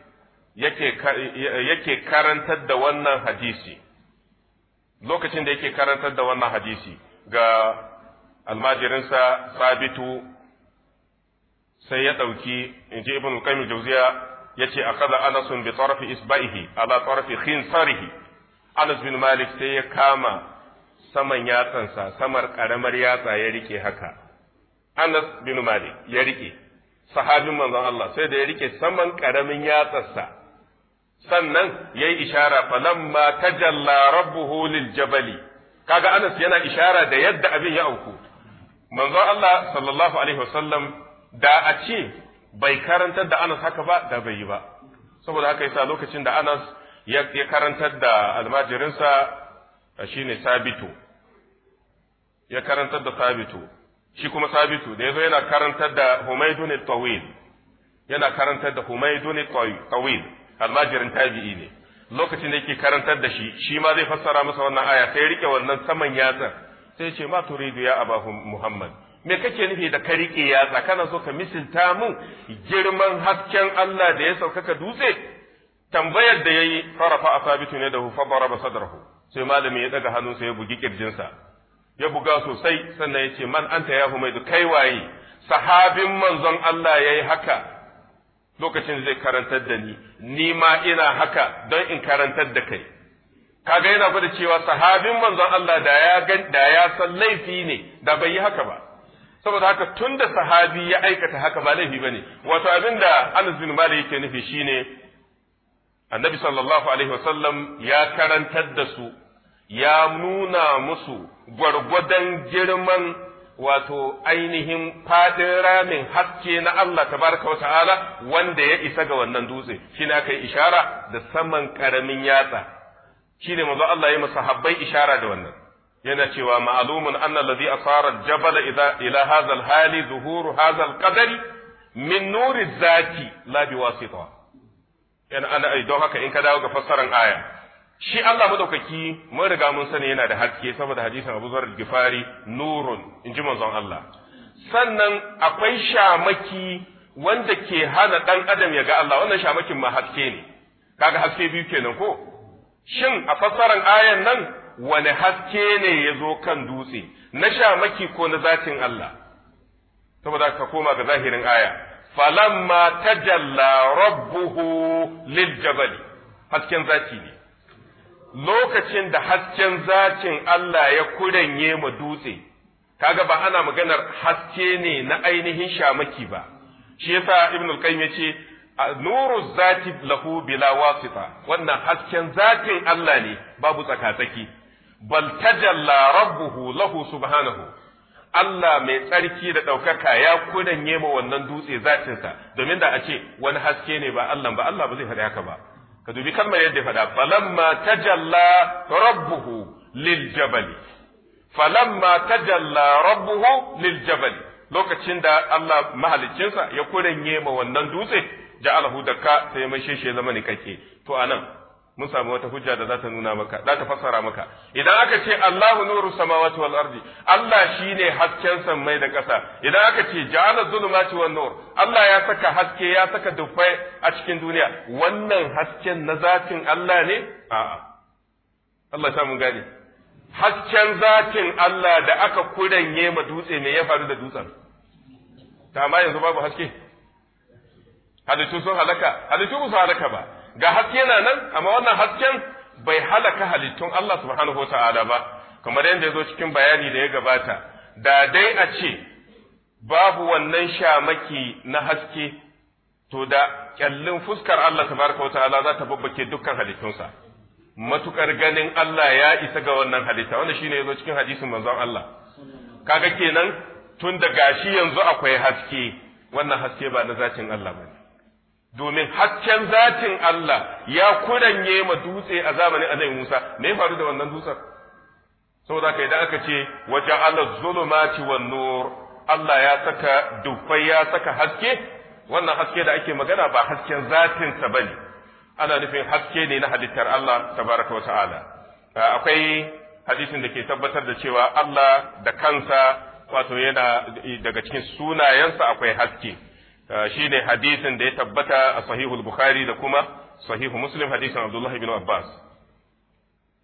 yake karantar da wannan hadisi lokacin da yake karantar da wannan hadisi ga almajirinsa sabitu sai ya ɗauki in ji ibn qayyim jauziya ya ce a kada anasun bi tsarafi isba'ihi ala tsarafi khinsarihi anas bin malik sai ya kama saman yatsansa samar ƙaramar yatsa ya rike haka anas bin malik ya rike sahabin manzon Allah sai da ya rike saman ƙaramin yatsarsa sannan ya yi ishara falamma tajalla rabbuhu lil jabali kaga Anas yana ishara da yadda abin ya auku manzo Allah sallallahu alaihi wasallam da a ce bai karantar da Anas haka ba da bai yi ba saboda haka yasa lokacin da Anas ya karantar da almajirinsa shine Sabitu ya karantar da Sabitu shi kuma Sabitu da yazo yana karantar da Humaydun al-Tawil yana karantar da Humaydun al-Tawil almajirin tabi'i ne lokacin da yake karantar da shi shi ma zai fassara masa wannan aya sai rike wannan saman yatsa sai ce ma turidu ya abahu muhammad me kake nufi da ka rike yatsa kana so ka misilta mun girman hasken Allah da ya sauka ka dutse tambayar da yayi farafa asabitu ne da hu fa daraba sadrahu sai malami ya daga hannunsa ya bugi kirjinsa ya buga sosai sannan ya ce man anta ya humaidu kai waye sahabin manzon Allah yayi haka lokacin zai karantar da ni ni ma ina haka don in karantar da kai kaga yana gwada cewa sahabin manzon Allah da ya da ya san laifi ne da bai yi haka ba saboda haka tun da sahabi ya aikata haka ba laifi bane wato abin da Anas bin Malik yake nufi shine Annabi sallallahu alaihi wasallam ya karantar da su ya nuna musu gwargwadon girman wato ainihin fadin ramin haske na Allah tabaraka wa ta'ala wanda ya isa ga wannan dutse ne aka yi ishara da saman karamin yatsa shine manzo Allah ya masa habbai ishara da wannan yana cewa ma'lumun anna alladhi asara jabala idha ila hadha hali zuhuru hadha kadari, qadari min nuri zati la biwasita yana ana don haka in ka dawo ga fassarar aya shi Allah madaukaki mun riga mun sani yana da haske saboda hadisin Abu Zar Gifari nurun in ji manzon Allah sannan akwai shamaki wanda ke hana dan adam ya ga Allah wannan shamakin ma haske ne kaga haske biyu kenan ko shin a fassaran ayan nan wani haske ne ya zo kan dutse na shamaki ko na zatin Allah saboda ka koma ga zahirin aya falamma tajalla rabbuhu lil hasken zati ne lokacin da hasken zakin Allah ya kuranye mu dutse kaga ba ana maganar haske ne na ainihin shamaki ba shi yasa ibn al-qayyim ce, nuru zati lahu bila wasifa wannan hasken zatin Allah ne babu tsakatsaki bal tajalla rabbuhu lahu subhanahu Allah mai tsarki da ɗaukaka ya kuranye ma wannan dutse zatinsa domin da a ce wani haske ne ba Allah ba Allah ba zai faɗi haka ba ka dubi kalmar yadda ya faɗa falamma tajalla rabbuhu lil jabali falamma tajalla rabbuhu lil jabali lokacin da Allah mahaliccinsa ya kuranye ma wannan dutse ja'alahu daka sai mai shi ya zama nikake to anan mun samu wata hujja da za ta nuna maka za ta fassara maka idan aka ce Allahu nuru samawati wal ardi Allah shine hasken sammai da ƙasa idan aka ce ja'ala zulumati wan nur Allah ya saka haske ya saka dufai a cikin duniya wannan hasken na zatin Allah ne a'a Allah ya mun gane hasken zatin Allah da aka kuranye ma dutse me ya faru da dutsen ta ma yanzu babu haske halittu sun halaka halittu ba su halaka ba ga haske yana nan amma wannan hasken bai halaka halittun Allah subhanahu wata'ala ba kamar yadda ya zo cikin bayani da ya gabata da dai a ce babu wannan shamaki na haske to da kyallin fuskar Allah subhanahu wata'ala za ta babbake dukkan halittunsa matukar ganin Allah ya isa ga wannan halitta wanda shine yazo cikin hadisin manzon Allah kaga kenan tun da gashi yanzu akwai haske wannan haske ba na zatin Allah bane domin haccen zatin Allah ya kuranye ma dutse a zamanin annabi Musa me ya faru da wannan dutsen saboda kai da aka ce waje ala zulumati wan nur Allah ya saka dufai ya saka haske wannan haske da ake magana ba hasken zatin sa bane ana nufin haske ne na halittar Allah tabaraka wata'ala ah, akwai hadisin da ke tabbatar da cewa Allah da kansa wato yana daga cikin sunayensa akwai haske shine hadisin da ya tabbata a sahihul bukhari da kuma sahihu muslim hadisin abdullahi bin abbas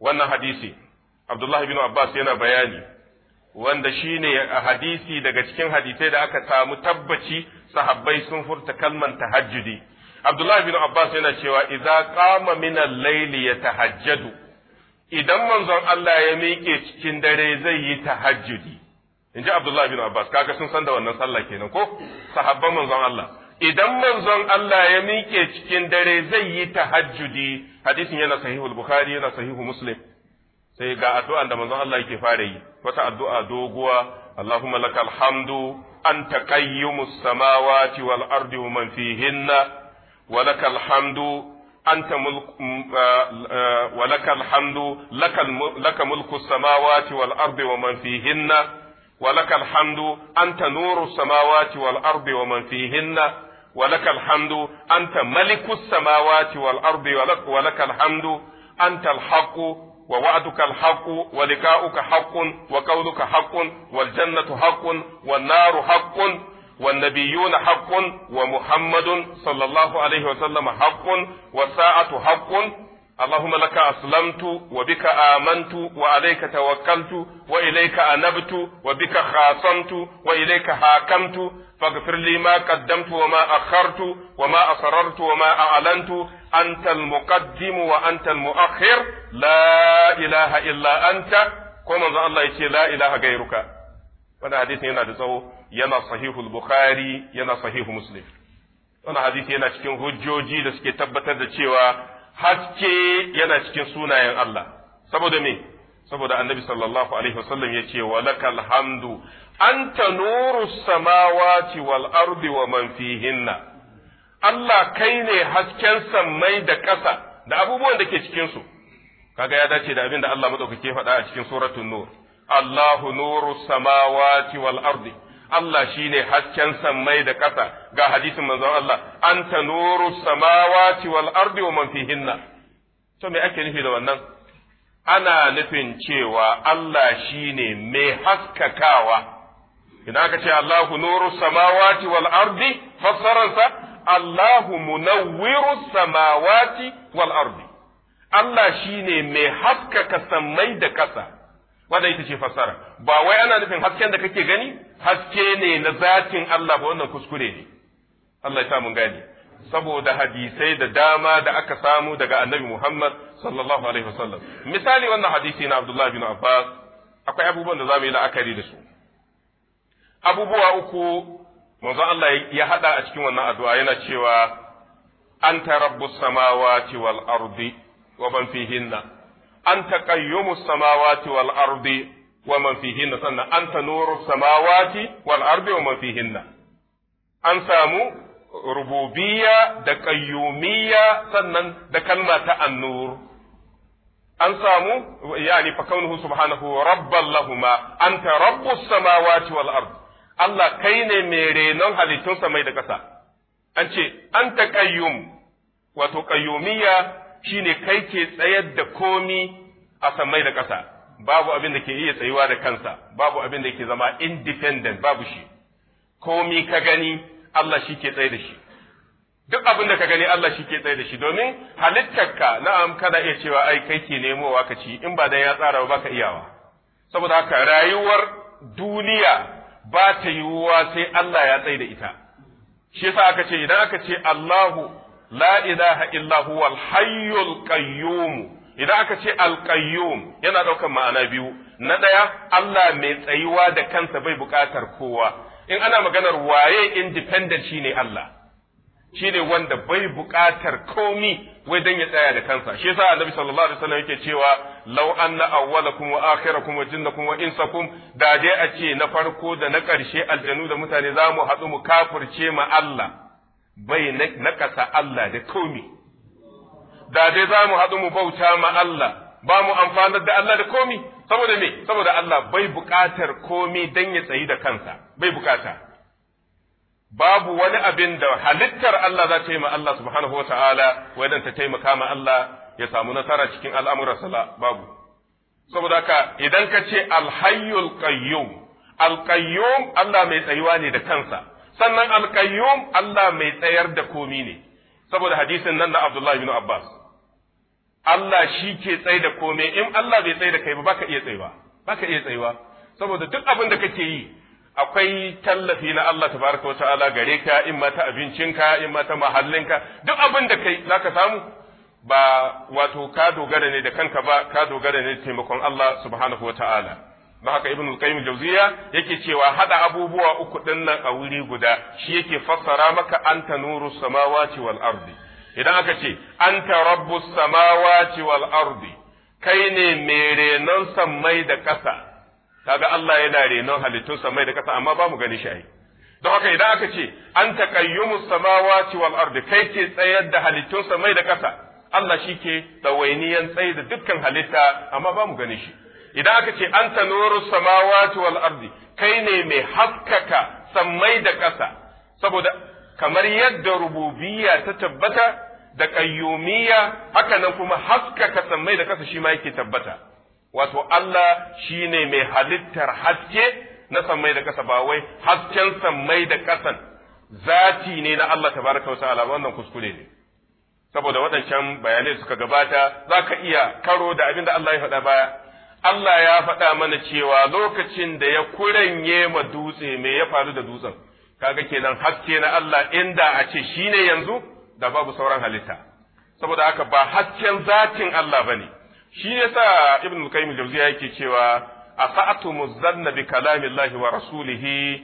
wannan hadisi abdullahi bin abbas yana bayani wanda shine a hadisi daga cikin hadisai da aka samu tabbaci sahabbai sun furta kalman tahajjudi abdullahi bin abbas yana cewa idza qama min al-layli yatahajjadu idan manzon Allah ya miƙe cikin dare zai yi tahajjudi in ji Abdullah bin Abbas kaga sun san da wannan sallah kenan ko sahabban manzon Allah idan manzon Allah ya miƙe cikin dare zai yi tahajjudi hadisin yana sahihul bukhari yana sahihu muslim sai ga addu'an da manzon Allah yake fara yi wata addu'a doguwa Allahumma lakal hamdu anta qayyimus samawati wal ardi wa man fihinna wa lakal hamdu أنت ملك ولك الحمد لك لك ملك السماوات والأرض ومن فيهن ولك الحمد أنت نور السماوات والأرض ومن فيهن ولك الحمد أنت ملك السماوات والأرض ولك, ولك الحمد أنت الحق ووعدك الحق ولقاؤك حق وقولك حق والجنة حق والنار حق والنبيون حق ومحمد صلى الله عليه وسلم حق والساعة حق اللهم لك أسلمت وبك آمنت وعليك توكلت وإليك أنبت وبك خاصمت وإليك حاكمت فاغفر لي ما قدمت وما أخرت وما أسررت وما أعلنت أنت المقدم وأنت المؤخر لا إله إلا أنت كما الله يتي لا إله غيرك وانا حديث هنا لتو ينا صحيح البخاري ينا صحيح مسلم وانا حديث هنا شكين هجوجي لسكي تبتد تشيوا haske yana cikin sunayen Allah saboda me saboda annabi sallallahu alaihi wasallam ya ce walakal hamdu anta nuru samawati wal ardi wa man fihinna Allah kai ne hasken sammai da ƙasa da abubuwan da ke cikinsu. kaga ya dace da abin da Allah madaukake faɗa a cikin suratul nur Allahu nuru samawaci wal ardi Allah shine hasken sammai da ƙasa ga hadisin manzon Allah anta nuru samawati wal ardi wa man fihinna to me ake nufi da wannan ana nufin cewa Allah shine mai haskakawa idan aka ce Allahu nuru samawati wal ardi fassararsa Allahu munawwiru samawati wal ardi Allah shine mai haskaka sammai da ƙasa wanda ita ce fassara ba wai ana nufin hasken da kake gani haske ne na zatin Allah ba wannan kuskure ne Allah ya sa mun gane saboda hadisai da dama da aka samu daga Annabi Muhammad sallallahu alaihi wasallam misali wannan hadisi na Abdullah bin Abbas akwai abubuwan da zamu yi la'akari da su abubuwa uku manzo Allah ya hada a cikin wannan addu'a yana cewa anta rabbus samawati wal ardi wa man fihinna anta qayyumus samawati wal ardi wa man fihinna sannan anta nuru samawati wal ardi wa man fihinna an samu rububiyya da ƙayyumiya sannan da kalma ta annur an samu yani fa kaunuhu subhanahu rabban lahuma anta rabbus samawati wal ardi Allah kai ne mai renon halittun samai da ƙasa an ce wato shine kai ke tsayar da komi a samai da ƙasa babu abin da ke iya tsayuwa da kansa babu abin da ke zama independent babu shi komi ka gani Allah shi ke tsaye da shi duk abin da ka gani Allah shi ke tsaye da shi domin halittarka na'am kana iya cewa ai kai ke nemowa ka ci in ba dan ya tsara ba ka iyawa saboda haka rayuwar duniya ba ta yiwuwa sai Allah ya tsaye da ita shi yasa aka ce idan aka ce Allahu la ilaha illa huwal hayyul qayyum idan aka ce alƙayyum yana ɗaukar ma'ana biyu na ɗaya Allah mai tsayuwa da kansa bai buƙatar kowa in ana maganar waye independent ne Allah shine wanda bai buƙatar komi wai dan ya tsaya da kansa shi yasa annabi sallallahu alaihi wasallam yake cewa law anna awwalakum wa akhirakum wa jinnakum wa insakum da dai a ce na farko da na ƙarshe aljanu da mutane za mu haɗu mu kafirce ma Allah bai na Allah da komi da dai za mu haɗu mu bauta ma Allah ba mu amfanar da Allah da komi saboda me saboda Allah bai buƙatar komi dan ya tsayi da kansa bai buƙata babu wani abin da halittar Allah za ta yi ma Allah subhanahu wa ta'ala wadan ta taimaka ma Allah ya samu nasara cikin Sala, babu saboda ka idan ka ce alhayyul qayyum alqayyum Allah mai tsayuwa ne da kansa sannan alqayyum Allah mai tsayar da komi ne saboda hadisin nan na Abdullah ibn Abbas Allah shi ke tsaye da kome in Allah bai tsaye da kai ba baka iya tsayuwa baka iya tsayuwa saboda duk abin da kake yi akwai tallafi na Allah tabaraka wa gare ka in ma ta abincinka in ma ta mahallinka duk abin da kai zaka samu ba wato ka dogara ne da kanka ba ka dogara ne da taimakon Allah subhanahu wa ta'ala don haka ibn al-qayyim jawziya yake cewa hada abubuwa uku nan a wuri guda shi yake fassara maka anta nuru samawati wal ardi idan aka ce anta rabbus samawati wal ardi kai ne mai renon sammai da ƙasa kaga Allah yana renon halittun sammai da ƙasa amma ba mu gani shi don haka idan aka ce anta qayyumus samawati wal ardi kai ke tsayar da halittun sammai da ƙasa Allah shi ke tsawainiyan tsaye da dukkan halitta amma ba mu gani shi idan aka ce an anta nurus samawati wal ardi kai ne mai haskaka sammai da ƙasa saboda kamar yadda rububiyya ta tabbata da ƙayyumiya haka nan kuma haskaka sammai da kasa shi ma yake tabbata wato Allah shi ne mai halittar haske na sammai da kasa ba wai hasken sammai da kasan zati ne na Allah tabaraka wa ta'ala wannan kuskure ne saboda waɗancan bayanai suka gabata za ka iya karo da abin da Allah ya faɗa baya Allah ya faɗa mana cewa lokacin da ya kuranye ma dutse me ya faru da dutsen kaga kenan haske na Allah inda a ce shine yanzu da babu sauran halitta saboda haka ba hakken zatin Allah bane shi yasa ibn qayyim jawziya yake cewa asa'tum zanna bi kalamillahi wa rasulihi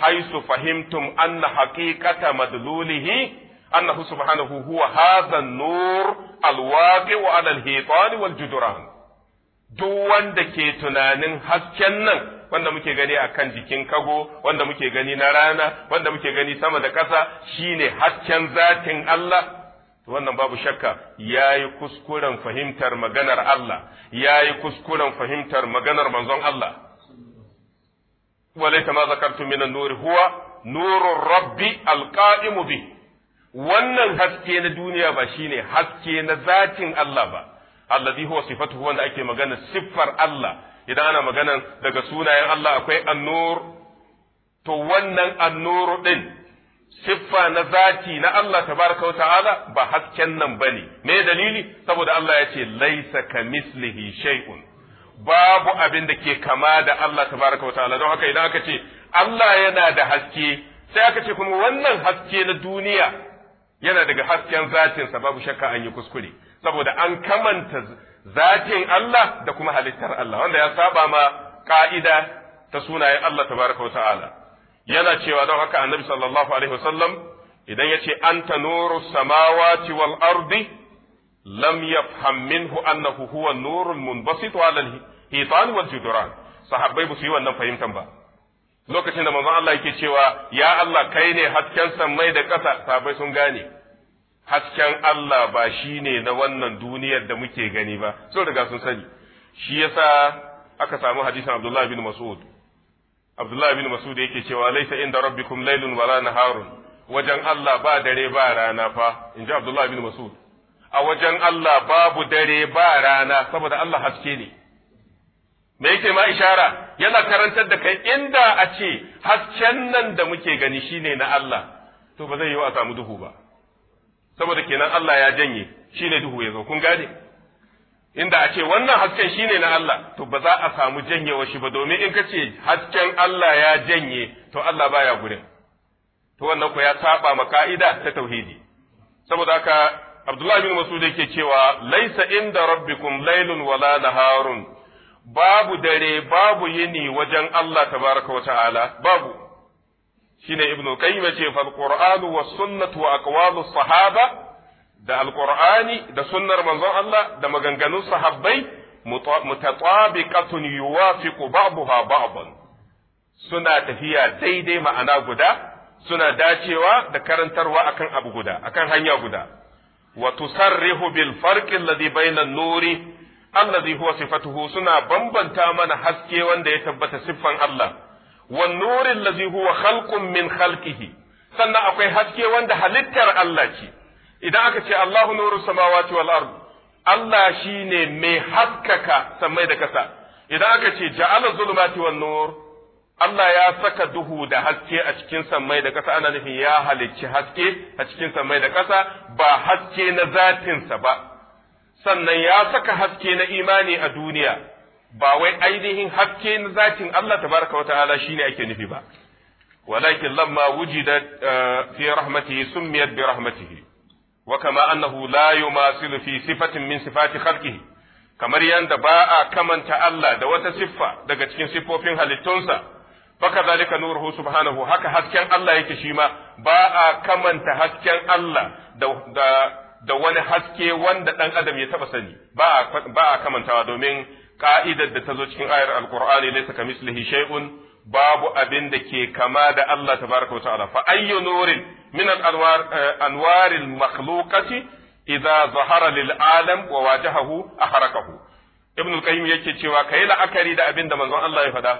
haythu fahimtum anna haqiqata madlulihi annahu subhanahu huwa hadha an-nur al-waqi'u 'ala al-hitan wal-judran duk wanda ke tunanin hasken nan wanda muke gani a kan jikin kago wanda muke gani na rana wanda muke gani sama da ƙasa shine hasken zatin Allah wannan babu shakka yayi kuskuren fahimtar maganar Allah yayi kuskuren fahimtar maganar manzon Allah walaysa ma zakartu min an huwa nurun rabbi alqa'imu bi wannan haske na duniya ba shine haske na zatin Allah ba allazi huwa sifatuhu wanda ake magana siffar Allah idan ana maganan daga sunayen Allah akwai annur to wannan annur din siffa na zati na Allah tabaraka ta'ala ba hasken nan ba ne. me dalili saboda Allah ya ce laisa kamislihi shay'un babu abin da ke kama da Allah tabaraka ta'ala don haka idan aka ce Allah yana da haske sai aka ce kuma wannan haske na duniya yana daga hasken zatinsa babu shakka an yi kuskure saboda an kamanta zatin Allah da kuma halittar Allah wanda ya saba ma ka'ida ta sunayen Allah tabaraka wa ta'ala yana cewa don haka annabi sallallahu alaihi wasallam idan yace anta nuru samawati wal ardi lam yafham minhu annahu huwa nurul munbasit ala hitan wal judran sahabbai ba su yi wannan fahimtan ba lokacin da manzon Allah yake cewa ya Allah kai ne hasken sammai da ƙasa sahabbai sun gane hasken Allah ba shi ne na wannan duniyar da muke gani ba sun riga sun sani shi yasa aka samu hadisan Abdullah bin Mas'ud Abdullah bin Mas'ud yake cewa laisa inda rabbikum laylun wala naharun wajen Allah ba dare ba rana fa In ji Abdullah bin Mas'ud a wajen Allah babu dare ba rana saboda Allah haske ne me yake ma ishara yana karantar da kai inda a ce hasken nan da muke gani shine na Allah to ba zai yi wa samu duhu ba saboda kenan Allah ya janye shine duhu ya zo kun gane inda a ce wannan hasken shine na Allah to ba za a samu janye wa shi ba domin in ka ce hasken Allah ya janye to Allah baya gurin to wannan ku ya saba ma ka'ida ta tauhidi saboda haka Abdullah bin Mas'ud yake cewa laisa inda rabbikum laylun wala naharun babu dare babu yini wajen Allah tabaraka wa ta'ala babu shine ibnu qayyim yace fal qur'anu wa sunnatu wa aqwalu sahaba da alqur'ani da sunnar manzon Allah da maganganun sahabbai mutatabiqatun yuwafiqu ba'daha ba'dan suna tafiya daidai ma'ana guda suna dacewa da karantarwa akan abu guda akan hanya guda wa tusarrihu bil farqi alladhi bayna an-nuri alladhi huwa sifatuhu suna bambanta mana haske wanda ya tabbata siffan Allah wan nurin ladhi huwa khalqun min khalqihi sannan akwai haske wanda halittar Allah ce idan aka ce Allahu nuru samawati wal ard Allah shine mai haskaka samai da kasa idan aka ce ja'ala zulumati wan nur Allah ya saka duhu da haske a cikin sammai da ƙasa ana nufin ya halicci haske a cikin sammai da ƙasa ba haske na zatinsa ba sannan ya saka haske na imani a duniya ba wai ainihin haske na zatin Allah ta tabaraka wata'ala shine ake nufi ba walakin lamma wujida eh, fi rahmatihi miyar bi rahmatihi wa kama annahu la yumasilu fi sifatin min sifati khalqihi kamar yadda ba a kamanta Allah da wata siffa daga cikin siffofin halittunsa faka zalika nuruhu subhanahu haka hasken Allah yake shi ma ba a kamanta hasken Allah da da wani haske wanda ɗan adam ya taɓa sani ba a kamantawa domin ka'idar da ta zo cikin ayar alkurani laysa kamislihi shay'un babu abin da ke kama da Allah tabaraka wa ta'ala fa ayyu nurin min al-anwar eh, anwaril makhluqati idza zahara lil alam wa wajahahu aharakahu ibn al-qayyim yake cewa kai la'akari da abin da manzon Allah ya faɗa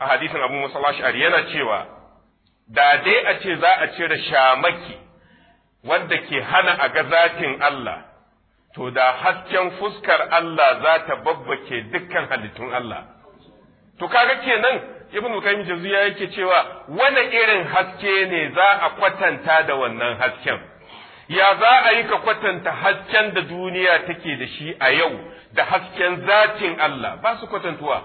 a hadisin Abu Musa al-Ash'ari yana cewa da dai a ce za a cire shamaki wanda ke hana a ga zatin Allah to da hasken fuskar Allah za ta babbake dukkan halittun Allah. To kaga kenan Ibn Qayyim ya yake cewa wani irin haske ne za a kwatanta da wannan hasken. Ya za a yi ka kwatanta hasken da duniya take da shi a yau da hasken zatin Allah ba su kwatantuwa.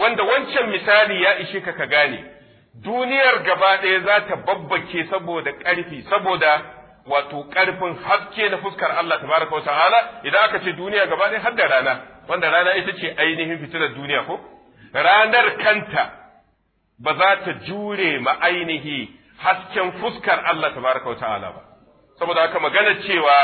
Wanda wancan misali ya ishe ka ka gane, duniyar gaba ɗaya za ta babbake saboda ƙarfi, saboda wato karfin haske na fuskar Allah tabaraka ta'ala idan aka ce duniya gaba ɗaya har da rana wanda rana ita ce ainihin fitilar duniya ko ranar kanta ba za ta jure ma ainihi hasken fuskar Allah tabaraka ta'ala ba saboda haka magana cewa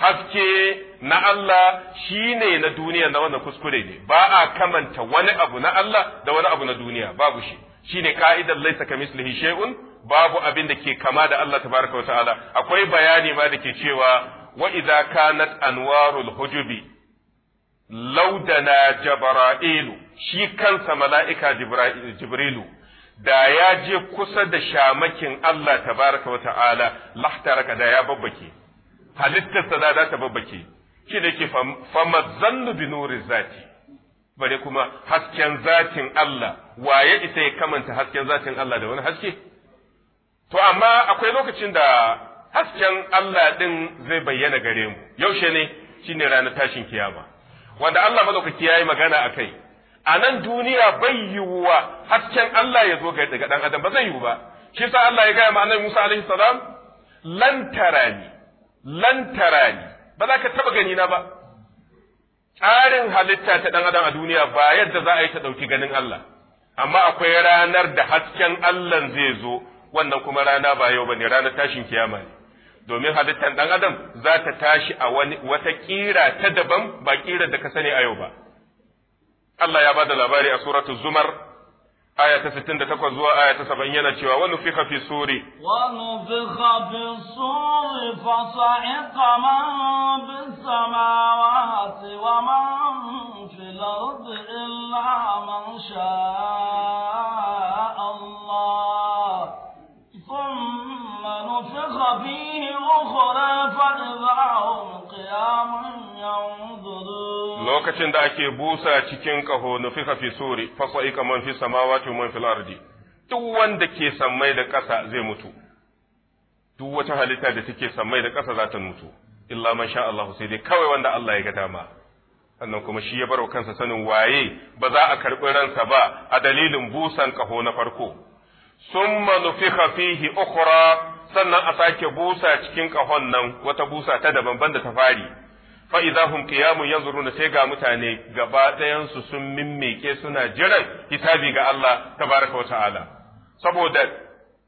haske na Allah shine na duniya na wannan kuskure ne ba a kamanta wani abu na Allah da wani abu na duniya babu shi shine ka'idar laisa kamislihi shay'un babu abin da ke kama da Allah tabaraka wa ta'ala akwai bayani ma da ke cewa wa idza kanat anwarul hujubi laudana jabra'ilu shi kansa mala'ika jibrilu da ya je kusa da shamakin Allah tabaraka wa ta'ala lahtaraka da ya babbake halittarsa da za ta babbake shi da ke famazzannu bi nuri zati bare kuma hasken zatin Allah waye isa ya kamanta hasken zatin Allah da wani haske To amma akwai lokacin da hasken Allah ɗin zai bayyana gare mu, yaushe ne shi ne ranar tashin kiyama, wanda Allah mazaukaki ya yi magana a kai, a nan duniya bai yiwuwa hasken Allah ya zo daga ɗan adam ba zai yiwu ba, shi sa Allah ya gaya ma annabi Musa alaihi salam lantarani, lantarani, ba za ka taɓa gani na ba. Tsarin halitta ta ɗan adam a duniya ba yadda za a yi ta ɗauki ganin Allah, amma akwai ranar da hasken Allah zai zo wannan kuma rana ba yau ne, ranar tashin kiyama ne domin halittar ɗan adam za ta tashi a wani wata ƙira ta daban ba ƙira da ka sani a yau ba Allah ya bada labari a suratu zumar aya ta 68 zuwa aya ta 70 yana cewa "Wani nufikha hafi suri Wani nufikha hafi suri fa sa'iqa man bis samawati wa man fil ardi illa man sha'a ونفخ فيه أخرى فإذا هم قيام ينظرون لوكتين داكي بوسا تكين كهو نفخ في سوري فصائق من في السماوات ومن في الأرض duk wanda ke sammai da ƙasa zai mutu duk wata halitta da take sammai da ƙasa za ta mutu illa man sha Allah sai dai kawai wanda Allah ya ga dama sannan kuma shi ya baro kansa sanin waye ba za a karɓi ransa ba a dalilin busan ƙaho na farko summa nufiha hafihi ukura. sannan a sake busa cikin ƙahon nan wata busa ta daban banda ta fari fa idza hum qiyamun yanzuruna sai ga mutane gaba ɗayansu sun mimmeke suna jiran hisabi ga Allah tabaraka wa ala. saboda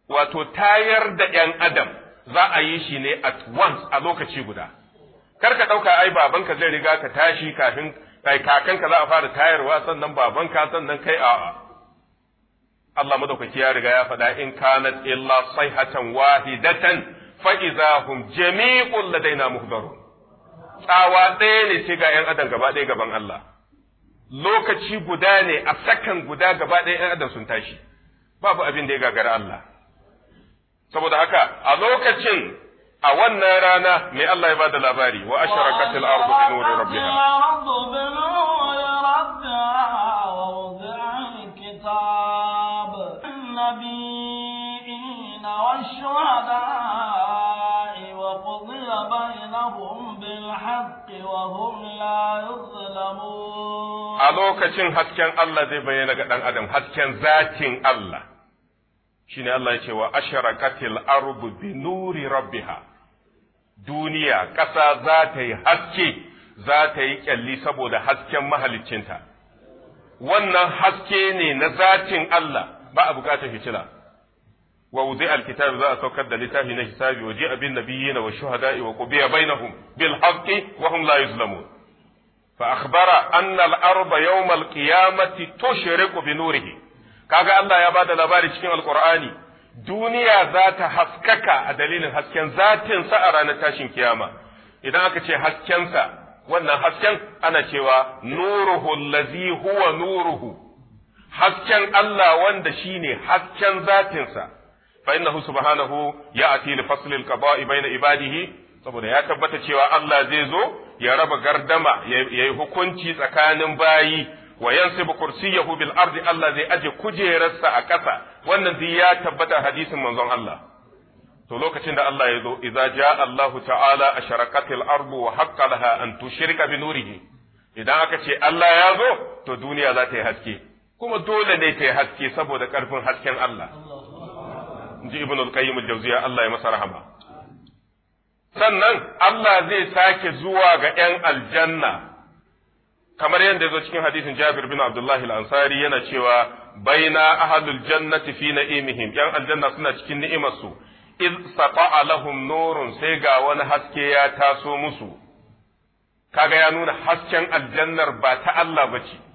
wato tayar da ƴan adam za a yi shi ne at once a lokaci guda kar ka ɗauka ai babanka zai riga ka tashi kafin kakanka za a fara tayarwa sannan babanka sannan kai a'a Allah madaukaki ya riga ya faɗa in kanat illa sayhatan wahidatan fa idza hum jami'un ladaina muhdarun tsawa ɗaya ne ce ga ‘yan adam gaba ɗaya gaban Allah, lokaci guda ne a sakan guda gaba ɗaya ƴan adam sun tashi, babu abin da ya gagara Allah. Saboda haka, a lokacin a wannan rana mai Allah ya ba da labari wa ashara ardu bi nuri rabbiha. النبيين والشهداء وقضي بينهم بالحق وهم لا يظلمون a lokacin hasken Allah zai bayyana ga ɗan adam hasken zatin Allah shine Allah ya ce wa asharaqatil ardu bi nuri rabbiha duniya ƙasa za ta yi haske za ta yi ƙyalli saboda hasken mahaliccinta wannan haske ne na zatin Allah ba a bukatar fitila wa wuzi za a saukar da littafi na hisabi waje abin bin nabiyyin wa shuhada'i wa qubiya bainahum bil haqqi wa hum la yuzlamun fa akhbara anna al arba yawm al qiyamati tushriqu bi nurihi kaga Allah ya bada labari cikin alqur'ani duniya za ta haskaka a dalilin hasken zatin sa a ranar tashin kiyama idan aka ce haskensa wannan hasken ana cewa nuruhu allazi huwa nuruhu hasken Allah wanda shi ne hasken zatinsa fa innahu subhanahu ya li fasli al-qada'i bayna ibadihi saboda ya tabbata cewa Allah zai zo ya raba gardama yi hukunci tsakanin bayi wa yansibu kursiyahu bil ardi Allah zai aje kujerarsa a ƙasa wannan duk ya tabbata hadisin manzon Allah to lokacin da Allah ya zo iza ja Allahu ta'ala asharaqatil ardu wa haqqa laha an tushrika bi nurihi idan aka ce Allah ya zo to duniya za ta yi haske kuma dole ne ta yi haske saboda ƙarfin hasken Allah. Inji Ibn al-Qayyim al-Jawziya Allah ya masa rahama. Sannan Allah zai sake zuwa ga ‘yan aljanna, kamar yadda ya zo cikin hadisin Jabir bin Abdullahi al-Ansari yana cewa baina ahadul jannati fi na'imihim ‘yan aljanna suna cikin ni'imarsu, iz sata'a lahum nurun sai ga wani haske ya taso musu. Kaga ya nuna hasken aljannar ba ta Allah bace.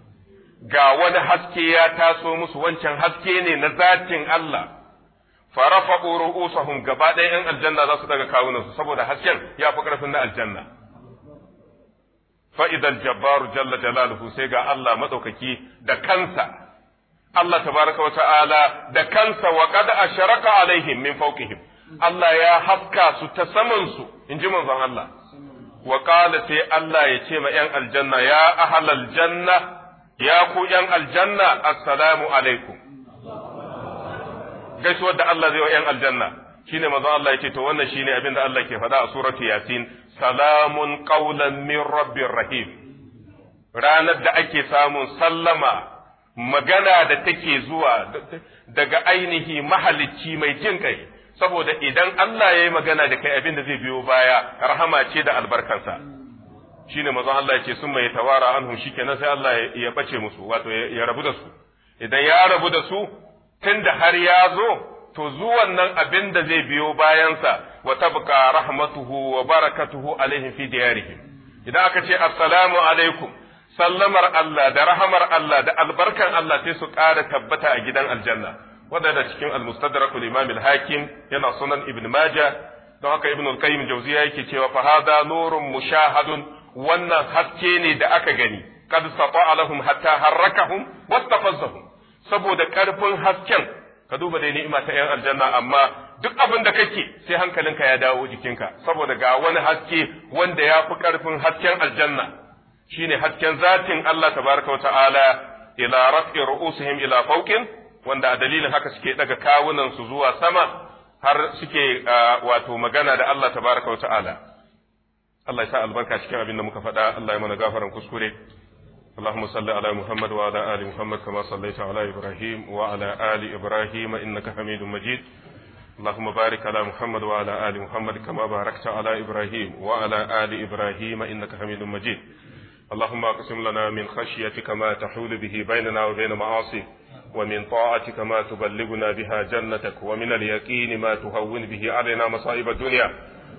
ga wani haske ya taso musu wancan haske ne na zatin Allah farafa ru'usahum gaba ɗaya ‘yan aljanna za su daga kawunansu saboda hasken ya fi ƙarfin na aljanna fa'idal jabbaru jalla jalaluhu sai ga Allah matsaukaki da kansa Allah tabaraka wa ta'ala da kansa wa qad asharaka alaihim min fawqihim Allah ya haska su ta samansu in ji manzon Allah wa qala sai Allah ya ce ma ‘yan aljanna ya ahlal janna ya ku ‘yan aljanna, asalamu alaikum. Gaisuwar da Allah zai wa ‘yan aljanna, shi ne maza Allah ya ce, wannan shine abin da Allah ke faɗa a suratu Yasin, salamun ƙaunan min rabbin rahim. Ranar da ake samun sallama, magana da take zuwa daga ainihi mahalicci mai jin kai, saboda idan Allah ya yi magana da kai abin da zai biyo baya, rahama ce da albarkansa. ne manzon Allah yake sun mai tawara anhu kenan sai Allah ya bace musu wato ya rabu da su idan ya rabu da su tunda har ya zo to zuwan nan abin da zai biyo bayansa wa tabqa rahmatuhu wa barakatuhu alaihim fi diyarihim idan aka ce assalamu alaikum sallamar Allah da rahamar Allah da albarkan Allah sai su ƙara tabbata a gidan aljanna wadanda cikin al imam yana sunan ibn majah don haka ibn al-qayyim jawziya yake cewa fa hada nurun mushahadun wannan haske ne da aka gani kad sata'a lahum hatta harrakahum wastafazzahum saboda karfin hasken ka duba dai ni'ima ta yan aljanna amma duk abin da kake sai hankalinka ya dawo jikinka saboda ga wani haske wanda ya fi karfin hasken aljanna shine hasken zatin Allah tabaraka wa ta'ala ila raf'i ru'usihim ila fawqin wanda a dalilin haka suke daga kawunan su zuwa sama har suke ah, wato magana da Allah tabaraka wa ta'ala Allah ya sa albarka cikin abin da muka faɗa Allah ya mana gafaran kuskure اللهم صل على محمد وعلى آل محمد كما صليت على إبراهيم وعلى آل إبراهيم إنك حميد مجيد اللهم بارك على محمد وعلى آل محمد كما باركت على إبراهيم وعلى آل إبراهيم إنك حميد مجيد اللهم اقسم لنا من خشيتك ما تحول به بيننا وبين معاصيك ومن طاعتك ما تبلغنا بها جنتك ومن اليقين ما تهون به علينا مصائب الدنيا